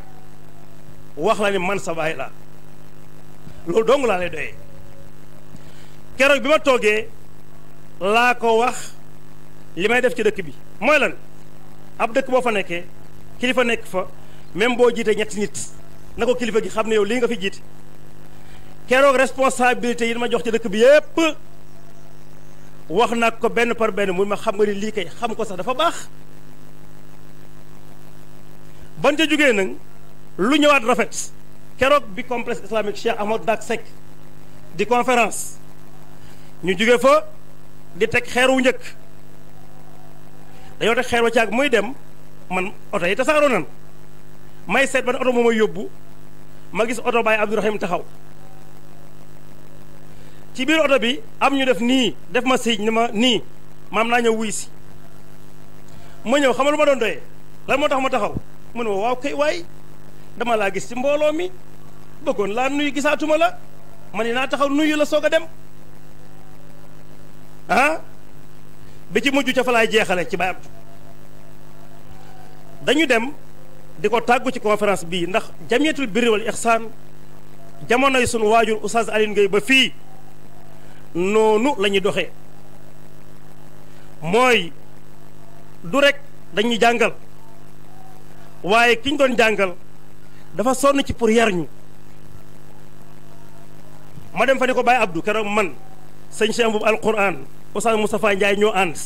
wax la ni man sa baay la loolu dong laa lay doyee keroog bi ma toogee laa ko wax li may def ci dëkk bi mooy lan ab dëkk boo fa nekkee kilifa nekk fa même boo jiitee ñetti nit na ko kilifa gi xam ne yow lii nga fi jiite keroog responsabilité yi dama jox ci dëkk bi yépp wax naa ko benn par benn mu ma xam nga ni lii kay xam ko sax dafa baax ban ca jógee nag lu ñëwaat rafet keroog bi complexe islamique Cheikh Ahmad Dak Seck di conférence ñu jóge fa di teg xeer wu njëkk dañoo teg xeer wa caag muy dem man oto yi tasaaroo nan may seet ne oto moo may yóbbu ma gis oto Baye Abdourahim taxaw ci biir oto bi am ñu def nii def ma siñ ni ma nii maam naa ñëw wuy si ma ñëw xam lu ma doon doyee lan moo tax ma taxaw mu ne waaw kay waay dama laa gis ci mbooloo mi bëggoon laa nuyu gisaatuma la ma ne naa taxaw nuyu la soog a dem ah bi ci mujj ca fa laay jeexale ci Baye Abdou dañu dem di ko tàggu ci conférence bii ndax jamiyatul birri wal ihsaan jamonoy sunu waajur oustaz Alioune Gueye ba fii noonu lañuy doxe mooy du rek dañuy jàngal waaye kiñ ñu doon jàngal dafa sonn ci pour yar ñu ma dem fa ne ko Baye abdu keroog man sëñ Cheikh boobu alquran oustaz Moustapha Ndiaye ñoo ànd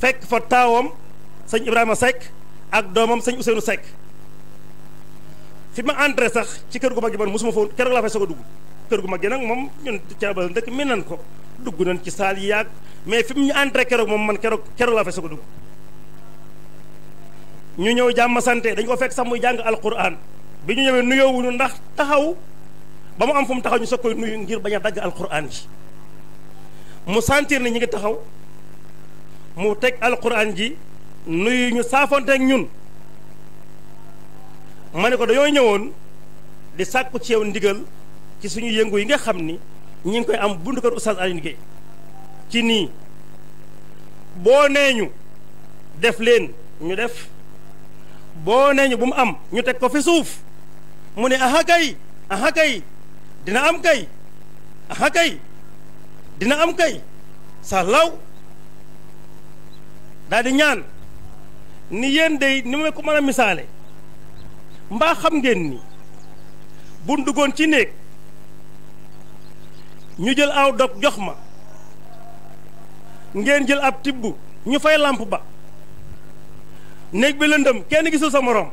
fekk fa taawam sëñ Ibrahima Seck. ak doomam sëñ Ousseynou Seck fi ma entré sax ci kër gu mag gi man mosuma foofu keroog laa fay soog kër gu mag gi nag moom ñun caabal ndëkk mi nan ko dugg nañ ci saal yi yàgg mais fi mu ñu entré keroog moom man keroog keroog laa fay soog a ñëw jàmm sante dañ ko fekk sax muy jàng alquran bi ñu ñëwee nuyoowuñu ndax taxaw ba mu am fu mu taxaw ñu soog koy nuyu ngir bañ a dagg alquran ji mu sentir ni ñu ngi taxaw mu teg alquran ji nuyu ñu saafonteeg ñun ma ne ko dañoo ñëwoon di sàkku ci yow ndigal ci suñu yëngu yi nga xam ni ñi ngi koy am buntu kër Oustaz Alioune Guèye ci nii boo ñu def leen ñu def boo nee bu mu am ñu teg ko fi suuf mu ne aha kay aha kay dina am kay aha kay dina am kay sa law daal di ñaan ni yéen day ni ma ko mën a misaale mbaa xam ngeen ni buñ duggoon ci néeg ñu jël aw dog jox ma ngeen jël ab tibb ñu fay làmp ba néeg bi lëndëm kenn gisul sa moroom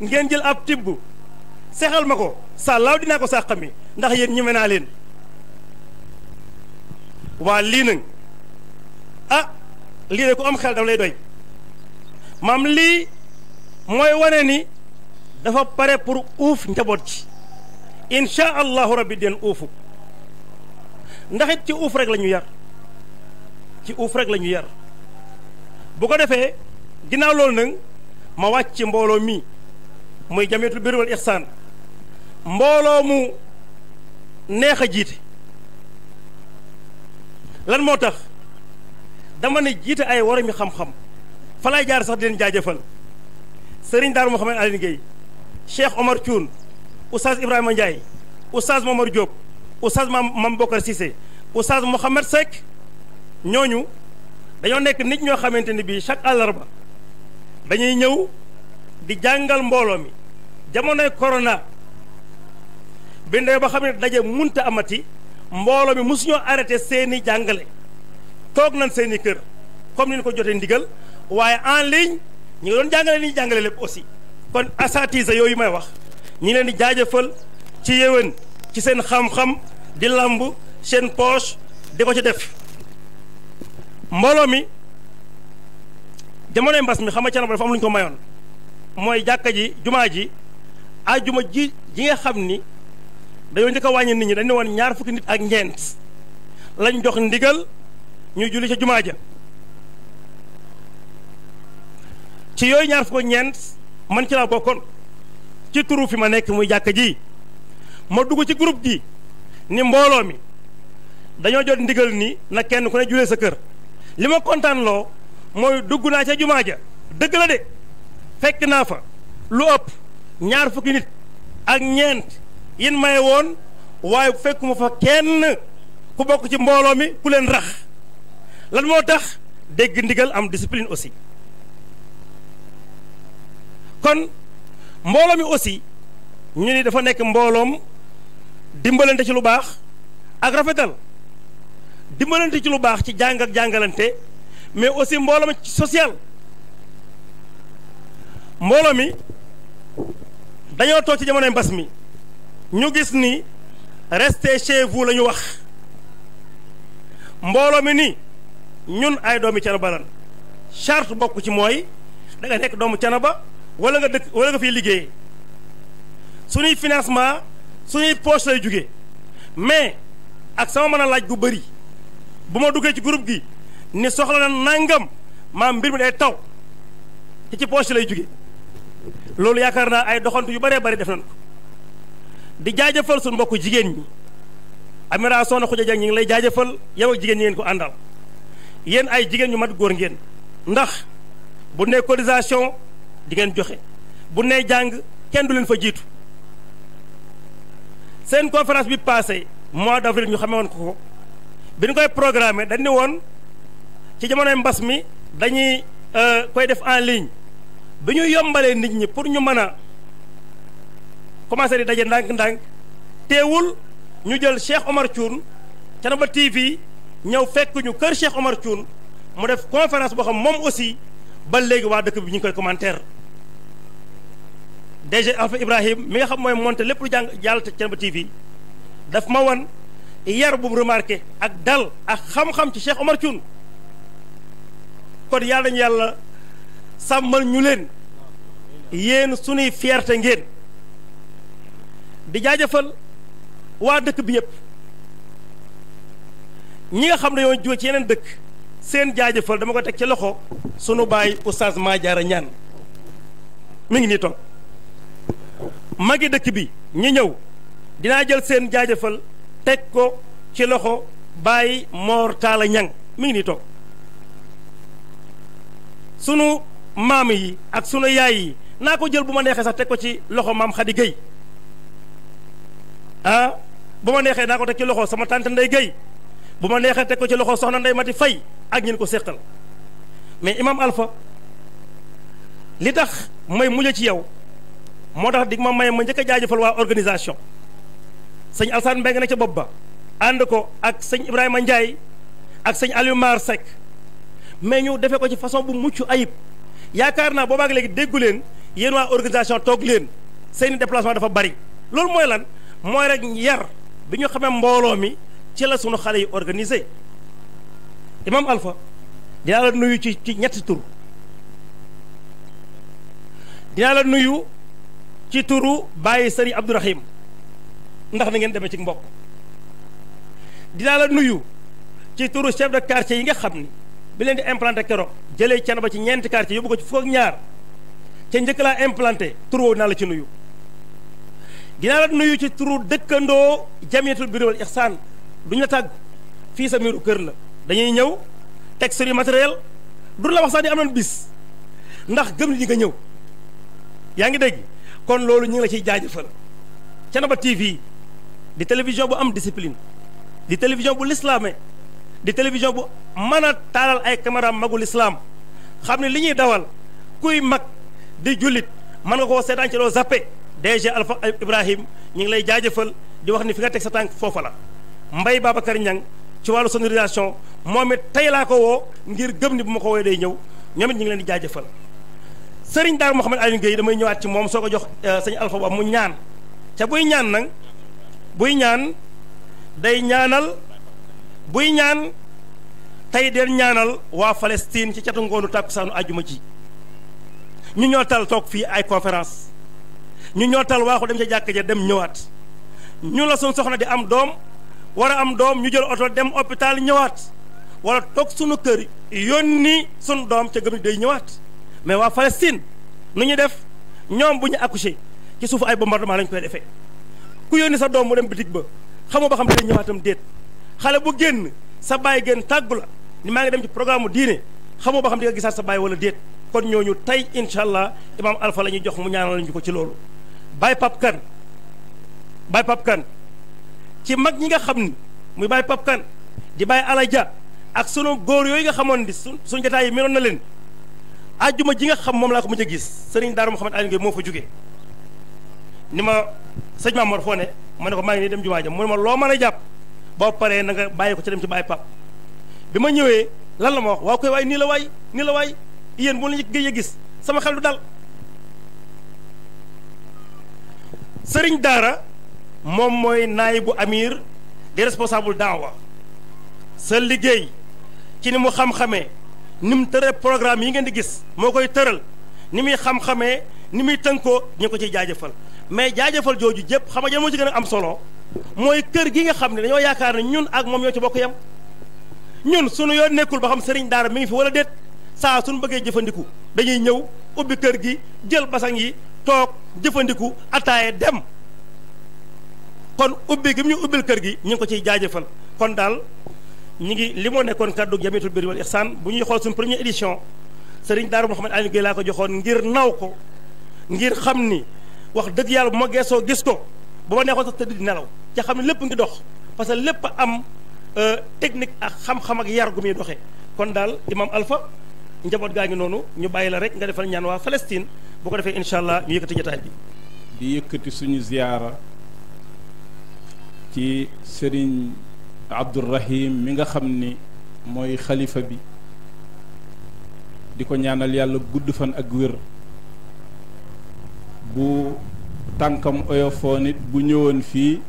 ngeen jël ab tibb sexal ma ko sa laaw dinaa ko sàqami ndax yéen ñeme naa leen waa lii nag a ah lii de ku am xel daf lay doy maam lii mooy wane ni dafa pare pour uuf njaboot ci incha allahu rabbi den uufu ndaxit ci uuf rek la ñu yar ci uuf rek la ñu yar bu ko defee ginnaaw loolu nag ma wàcc ci mbooloo mi muy jamiyatul birri wal mbooloo mu neex a jiite lan moo tax dama ne jiite ay warami xam-xam falaay laay jaar sax di leen jaajëfal sëriñ daar Mouhamed Aline Gueye Cheikh Omar Thioune oustaz Ibrahima Ndiaye oustaz Momar Diop oustaz Mam Mam Bokar Cissé oustaz Mouhamed Seck ñooñu dañoo nekk nit ñoo xamante ni bii chaque àllarba dañuy ñëw di jàngal mbooloo mi jamonoy corona bi ndee ba xam ne daje munta amati mbooloo mi mosuñoo arrêté seeni jàngale toog nañ seeni kër comme ni ko jotee ndigal waaye en ligne ñu ngi doon jàngale li ñu jàngale lépp aussi kon assatise yooyu may wax ñi leen di jaajëfal ci yéwén ci seen xam-xam di lamb seen poche di ko ci def mbooloo mi jamonoy mbas mi xam nga dafa am lu ko mayoon mooy jàkka ji jumaa ji ajuma ji ji nga xam ni dañoo njëkk a wàññi nit ñi dañ ne woon ñaar fukki nit ak ñeent lañ jox ndigal ñu julli ca jumaa ja ci yooyu ñaar fukk ñeent man ci laa bokkoon ci turu fi ma nekk muy jàkka ji ma dugg ci group gi ni mbooloo mi dañoo jot ndigal ni na kenn ku ne julee sa kër li ma kontaan loo mooy dugg naa ca jumaa ja dëgg la de fekk naa fa lu ëpp ñaar fukki nit ak ñeent yin maye woon waaye fekkuma fa kenn ku bokk ci mbooloo mi ku leen rax lan moo tax dégg ndigal am discipline aussi kon mbooloo mi aussi ñu ni dafa nekk mbooloom dimbalante ci lu baax ak rafetal dimbalante ci lu baax ci jàng ak jàngalante mais aussi mbooloo mi ci social mbooloo mi dañoo toog ci jamonoy mbas mi ñu gis ni restez chez vous la ñu wax mbooloo mi ni ñun ay doomi Thiénaba lan charte bokk ci mooy da nekk doomu Thiénaba wala nga dëkk wala nga fiy liggéey suñuy financement suñuy poche lay jugee mais ak sama mën a laaj gu bëri bu ma duggee ci groupe gi ni soxla na nangam maam mbir mi day taw te ci poche lay jugee loolu yaakaar naa ay doxantu yu bëree bëri def nañ ko di jaajëfal suñu mbokku jigéen ñi Amira Soxna Xuja Jang ñi ngi lay jaajëfal yow jigéen ñi ngeen ko àndal yéen ay jigéen ñu mat góor ngeen ndax bu ne cotisation di ngeen joxe bu ne jàng kenn du leen fa jiitu seen conférence bi passé mois d' avril ñu xamee woon ko ko bi ñu koy programmé dañ ne woon ci jamonoy mbas mi dañuy euh, koy def en ligne bi ñu yombalee nit ñi pour ñu mën a commencé di daje ndànk-ndànk teewul ñu jël Cheikh Omar Thioune Thiénaba TV ñëw fekk ñu kër Cheikh Omar Thioune mu def conférence boo xam moom aussi ba léegi waa dëkk bi ñu koy commentaire. DG Alpha Ibrahim mi nga xam mooy monté lépp lu jàng jàll te Thiénaba TV daf ma wan yar bu remarqué ak dal ak xam-xam ci Cheikh Omar Thioune kon yàlla nañu yàlla sàmmal ñu leen yéen sunuy fierté ngeen di jaajëfal waa dëkk bi yëpp ñi nga xam ne yoon jóge ci yeneen dëkk seen jaajëfal dama ko teg ci loxo sunu baay oustaz Madiara ñaan mi ngi nii toog magi dëkk bi ñi ñëw dinaa jël seen jaajëfal teg ko ci loxo bàyyi mortaala Talla Ñang mi ngi nii toog sunu maam yi ak sunu yaay yi naa ko jël bu ma neexee sax teg ko ci loxo maam Khady Guèye ah, bu ma neexee naa ko teg ci loxo sama tante ndey géy bu ma neexee teg ko ci loxo soxna Ndeye Mati fay ak ñin ko séqal mais imam Alpha li tax may mujj ci yow moo tax dig ma may ma njëkk a jaajëfal waa organisation sëñ Alsaan Mbeng na ca bopp ba ànd ko ak sëñ Ibrahima Ndiaye ak sëñ Aliou Mar Seck mais ñu defee ko ci façon bu mucc ayib yaakaar naa boobaag léegi déggu leen yéen waa organisation toog leen seeni déplacement dafa bari loolu mooy lan mooy rek yar bi ñu xamee mbooloo mi ci la sunu xale yi organisé imam alfa dinaa la nuyu ci ci ñetti tur dinaa la nuyu. ci turu bàyyi sëriñ Abdourahim ndax na ngeen demee ci mbokk dinaa la nuyu ci turu chef de quartier yi nga xam ni bi leen di implanté keroog jëlee cen ba ci ñeenti quartier yóbbu ko ci fukk ak ñaar ca njëkk laa implanté tur woowu dinaa la ci nuyu dinaa la nuyu ci turu dëkkandoo jamiyatul birri wal ihsan duñu la tàgg fii sa miiru kër la dañuy ñëw teg suñu matériel du la wax sax ni am nañ bis ndax gëm li nga ñëw yaa ngi dégg kon loolu ñu ngi la ciy jaajëfal Thiénaba TV di télévision bu am disipline di télévision bu lislaame di télévision bu mën a taalal ay caméra magu islaam xam ne li ñuy dawal kuy mag di jullit mën nga koo seetaan ci doo zappe DG Alpha Ibrahim ñu ngi lay jaajëfal di wax ni fi nga teg sa tànk foofa la mbay Babacar Niang ci wàllu sonorisation moom it tey laa ko woo ngir gëm ni bu ma ko woowee day ñëw ñoom it ñu ngi leen di jaajëfal sëriñ Daaru Mouhamed Alioune Gueye damay ñëwaat ci moom soo ko jox euh, sëñ Alpha Ba mu ñaan ca buy ñaan nag buy ñaan day ñaanal buy ñaan tey del ñaanal waa Palestine ci catu ngoonu tàkkusaanu àjjuma ci ñu ñoo tal toog fii ay conférence ñu ñoo tal waaxu dem ca jàkk ja dem ñëwaat ñu la suñ soxna di am doom war a am doom ñu jël oto dem hôpital ñëwaat wala toog sunu kër yónni sunu doom ca gëm day ñëwaat mais waa Palestine nu ñu def ñoom bu ñu accouché ci suuf ay bombardement lañ koy defee ku yónni sa doom mu dem bitig ba xamu ba xam dina ñëwaatam déet xale bu génn sa baay génn tàggu la ni maa ngi dem ci programme mu diine xamu ba xam di nga gisaat sa baay wala déet kon ñooñu tey incha allah imaam Alpha la ñuy jox mu ñaanal ñu ko ci loolu. baay Pape Kane Baye ci mag ñi nga xam ni muy Baye Pape Kane di Baye Alaja ak sunu góor yooyu nga xamoon ni suñ suñ yi meloon na leen. ajjuma ji nga xam moom laa ko mujj a gis sëriñ Daara Mouhamed Alioune Gueye moo fa jógee ni ma sëñ Mamour foo ne ma ne ko maa ngi nii dem jumaa jam mu ne ma loo mën a jàpp boo paree na nga bàyyi ko ca dem ci bàyyi pap bi ma ñëwee lan la ma wax waaw koy waay nii la waay nii la waay yéen bu la gëj a gis sama xelu du dal sëriñ Daara moom mooy naay bu amir di responsable daawa sa liggéey ci ni mu xam-xamee ni mu tëre programme yi ngeen di gis moo koy tëral ni muy xam-xamee ni muy tënkoo ñu ko ciy jaajëfal mais jaajëfal jooju jëpp xam nga moo ci gën a am solo mooy kër gi nga xam ne dañoo yaakaar ne ñun ak moom ñoo ci bokk yem ñun suñu yoon nekkul ba xam sëriñ daara mi ngi fi wala déet saa suñu bëggee jëfandiku dañuy ñëw ubbi kër gi jël basang yi toog jëfandiku attaaye dem kon ubbi gi mu ñu ubbil kër gi ñu ngi ko ciy jaajëfal kon daal ñi ngi li moo nekkoon kàddu jamiatul birri wal bu ñu xool suñu première édition sëriñ Daaru Mouhamed Aliou Gueye laa ko joxoon ngir naw ko ngir xam ni wax dëgg yàlla bu ma geesoo gis ko bu ma neexoon sax tëdd nelaw ca xam ne lépp ngi dox parce que lépp am euh, technique ak xam ak yar gu muy doxee kon daal imam Alpha njaboot gaa ngi noonu ñu bàyyi la rek nga defal ñaan waa Palestine bu ko defee incha allah ñu yëkkati jotaay bi. di yëkkati suñu ziyaara ci sëriñ. Abdourahim mi nga xam ni mooy xalifa bi di ko ñaanal yàlla gudd fan ak wér bu tànkam oyofoon bu ñëwoon fii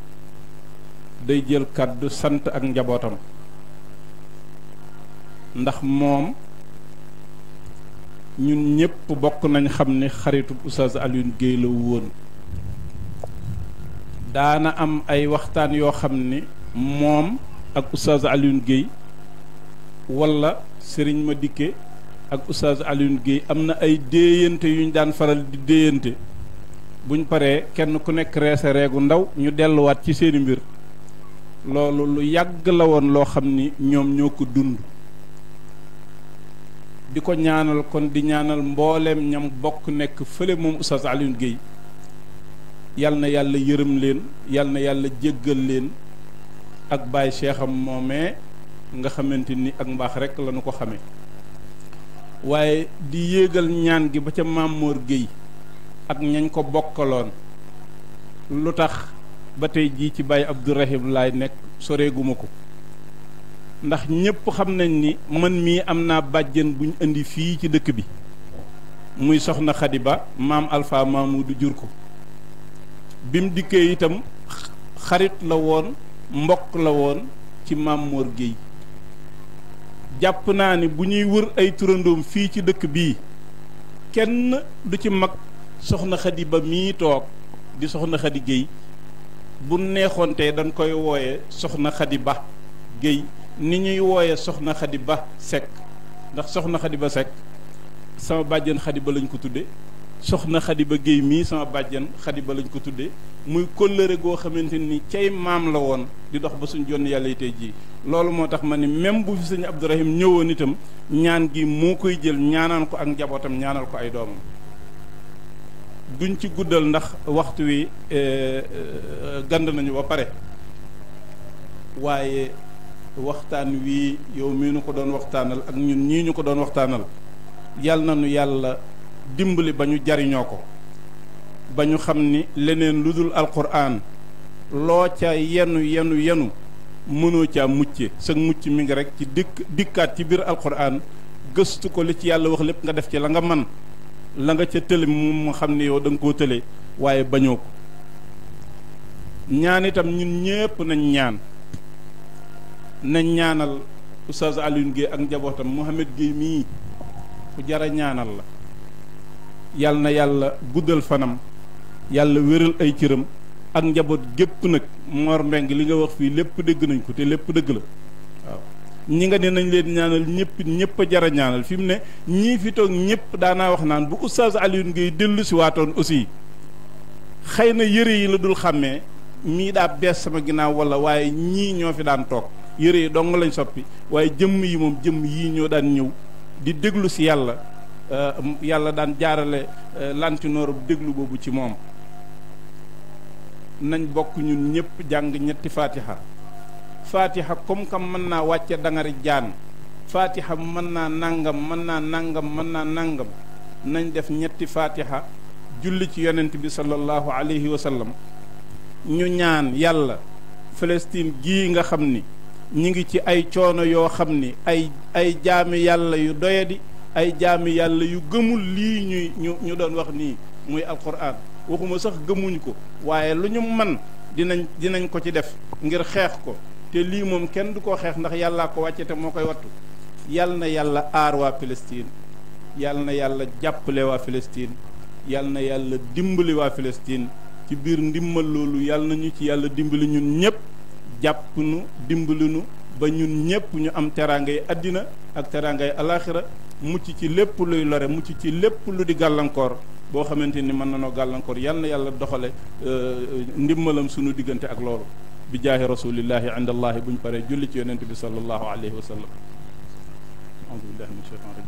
day jël kàddu sant ak njabootam ndax moom ñun ñépp bokk nañ xam ni xaritu Oustaz Alioune Guèye la woon daana am ay waxtaan yoo xam ni moom ak oustaz Alioune walla sëriñ ma dikke ak oustaz Alioune Guèye am na ay déeyante yu ñu daan faral di déeyante buñ paree kenn ku nekk reese reegu ndaw ñu delluwaat ci seeni mbir loolu lu yàgg la woon loo xam ni ñoom ñoo ko dund di ko ñaanal kon di ñaanal mbooleem ñam bokk nekk fële moom oustaz Alioune Guèye yal na yàlla yërëm leen yal na yàlla jéggal leen ak baay cheikham moomee nga xamante ni ak mbaax rekk la ko xamee waaye di yéegal ñaan gi ba ca maam Mamor Gueye ak ñañ ko bokkaloon lu tax ba tey jii ci Baye Abdourahim laay nekk soreeguma ko ndax ñépp xam nañ ni man mii am naa bàjjen buñ indi fii ci dëkk bi muy soxna Xadi Ba maam Alpha du jur ko bim dikkee itam xarit la woon mbokk la woon ci Maam Mor Guèye jàpp naa ni bu ñuy wër ay turandoom fii ci dëkk bi kenn du ci mag soxna Xadi Ba mii toog di soxna Xadi Guèye bu neexoontee dañ koy wooye soxna Xadi Ba Guèye ni ñuy wooye soxna Xadi Ba Seck ndax soxna Xadi Ba Seck sama bàjjen Xadi Ba lañ ko tudde soxna Xadiba Géey mii sama bàjjan Xadiba lañ ko tuddee muy kóllëre goo xamante ni cay maam la woon di dox ba suñ jonn yàlla yi tey jii loolu moo tax ma ni même bu fi sëñ Abdourahim ñëwoon itam ñaan gi moo koy jël ñaanaan ko ak njabootam ñaanal ko ay doomam duñ ci guddal ndax waxtu wi eh, eh, gand nañu ba pare waaye waxtaan wi yow mii nu ko doon waxtaanal ak ñun ñii ñu ko doon waxtaanal yàlla na nu yàlla dimbali ba ñu jariñoo ko ba ñu xam ni leneen lu dul alquran loo ca yenu yenu yenu mënoo caa mucce sa mucc mi ngi rek ci dikk dikkaat ci biir alquran gëstu ko li ci yàlla wax lépp nga def ci la nga man la nga ca tële moom mu xam ne yow da koo tële waaye bañoo ko ñaan itam ñun ñépp nañ ñaan nañ ñaanal Oustaz Alioune Guèye ak njabootam Mouhamed Guèye mii ku jara ñaanal la yal na yàlla guddal fanam yàlla wéral ay cëram ak njaboot gépp nag Mor Mbengue li nga wax fii lépp dégg nañ ko te lépp dëgg la ñi nga ne nañ leen ñaanal ñëpp ñëpp a jara ñaanal fi mu ne ñii fi toog ñëpp daanaa wax naan bu oustaz Alioune Gueye dellu si waatoon aussi xëy na yére yi la dul xàmmee mii daa bees sama ginnaaw wala waaye ñii ñoo fi daan toog yére yi dong lañ soppi waaye jëmm yi moom jëmm yii ñoo daan ñëw di déglu si yàlla Euh, yàlla daan jaarale euh, lantinooru déglu boobu ci moom nañ bokk ñun ñëpp jàng ñetti fatiha fatiha komkam kam mën naa wàcce dangari jaan fatiha mën naa nangam mën naa nangam mën naa nangam nañ def ñetti fatiha julli ci yonent bi sallallahu alayhi wa sallam ñu ñaan yàlla Palestine gii nga xam ni ñi ngi ci ay coono yoo xam ni ay ay jaami yàlla yu doyadi ay jaami yàlla yu gëmul lii ñuy ñu ñu doon wax nii muy alquran waxuma sax gëmuñu ko waaye lu ñu man dinañ dinañ ko ci def ngir xeex ko te lii moom kenn du ko xeex ndax yàllaa ko wàcce te moo koy wattu yal na yàlla aar waa Palestine na yàlla jàppale waa Palestine na yàlla dimbali waa Palestine ci biir ndimmal loolu yal na ñu ci yàlla dimbali ñun ñëpp jàpp nu dimbali nu ba ñun ñëpp ñu am teraangay àddina ak teraangay alaaxira mucc ci lépp luy lore mucc ci lépp lu di gàllankoor boo xamante ni mën na noo gàllankoor yal na yàlla doxale euh, euh, ndimbalam sunu diggante ak loolu bi jaahi rasulillahi inda allahi bu ñu paree julli ci yonent bi sallallahu alayhi wa sallam audu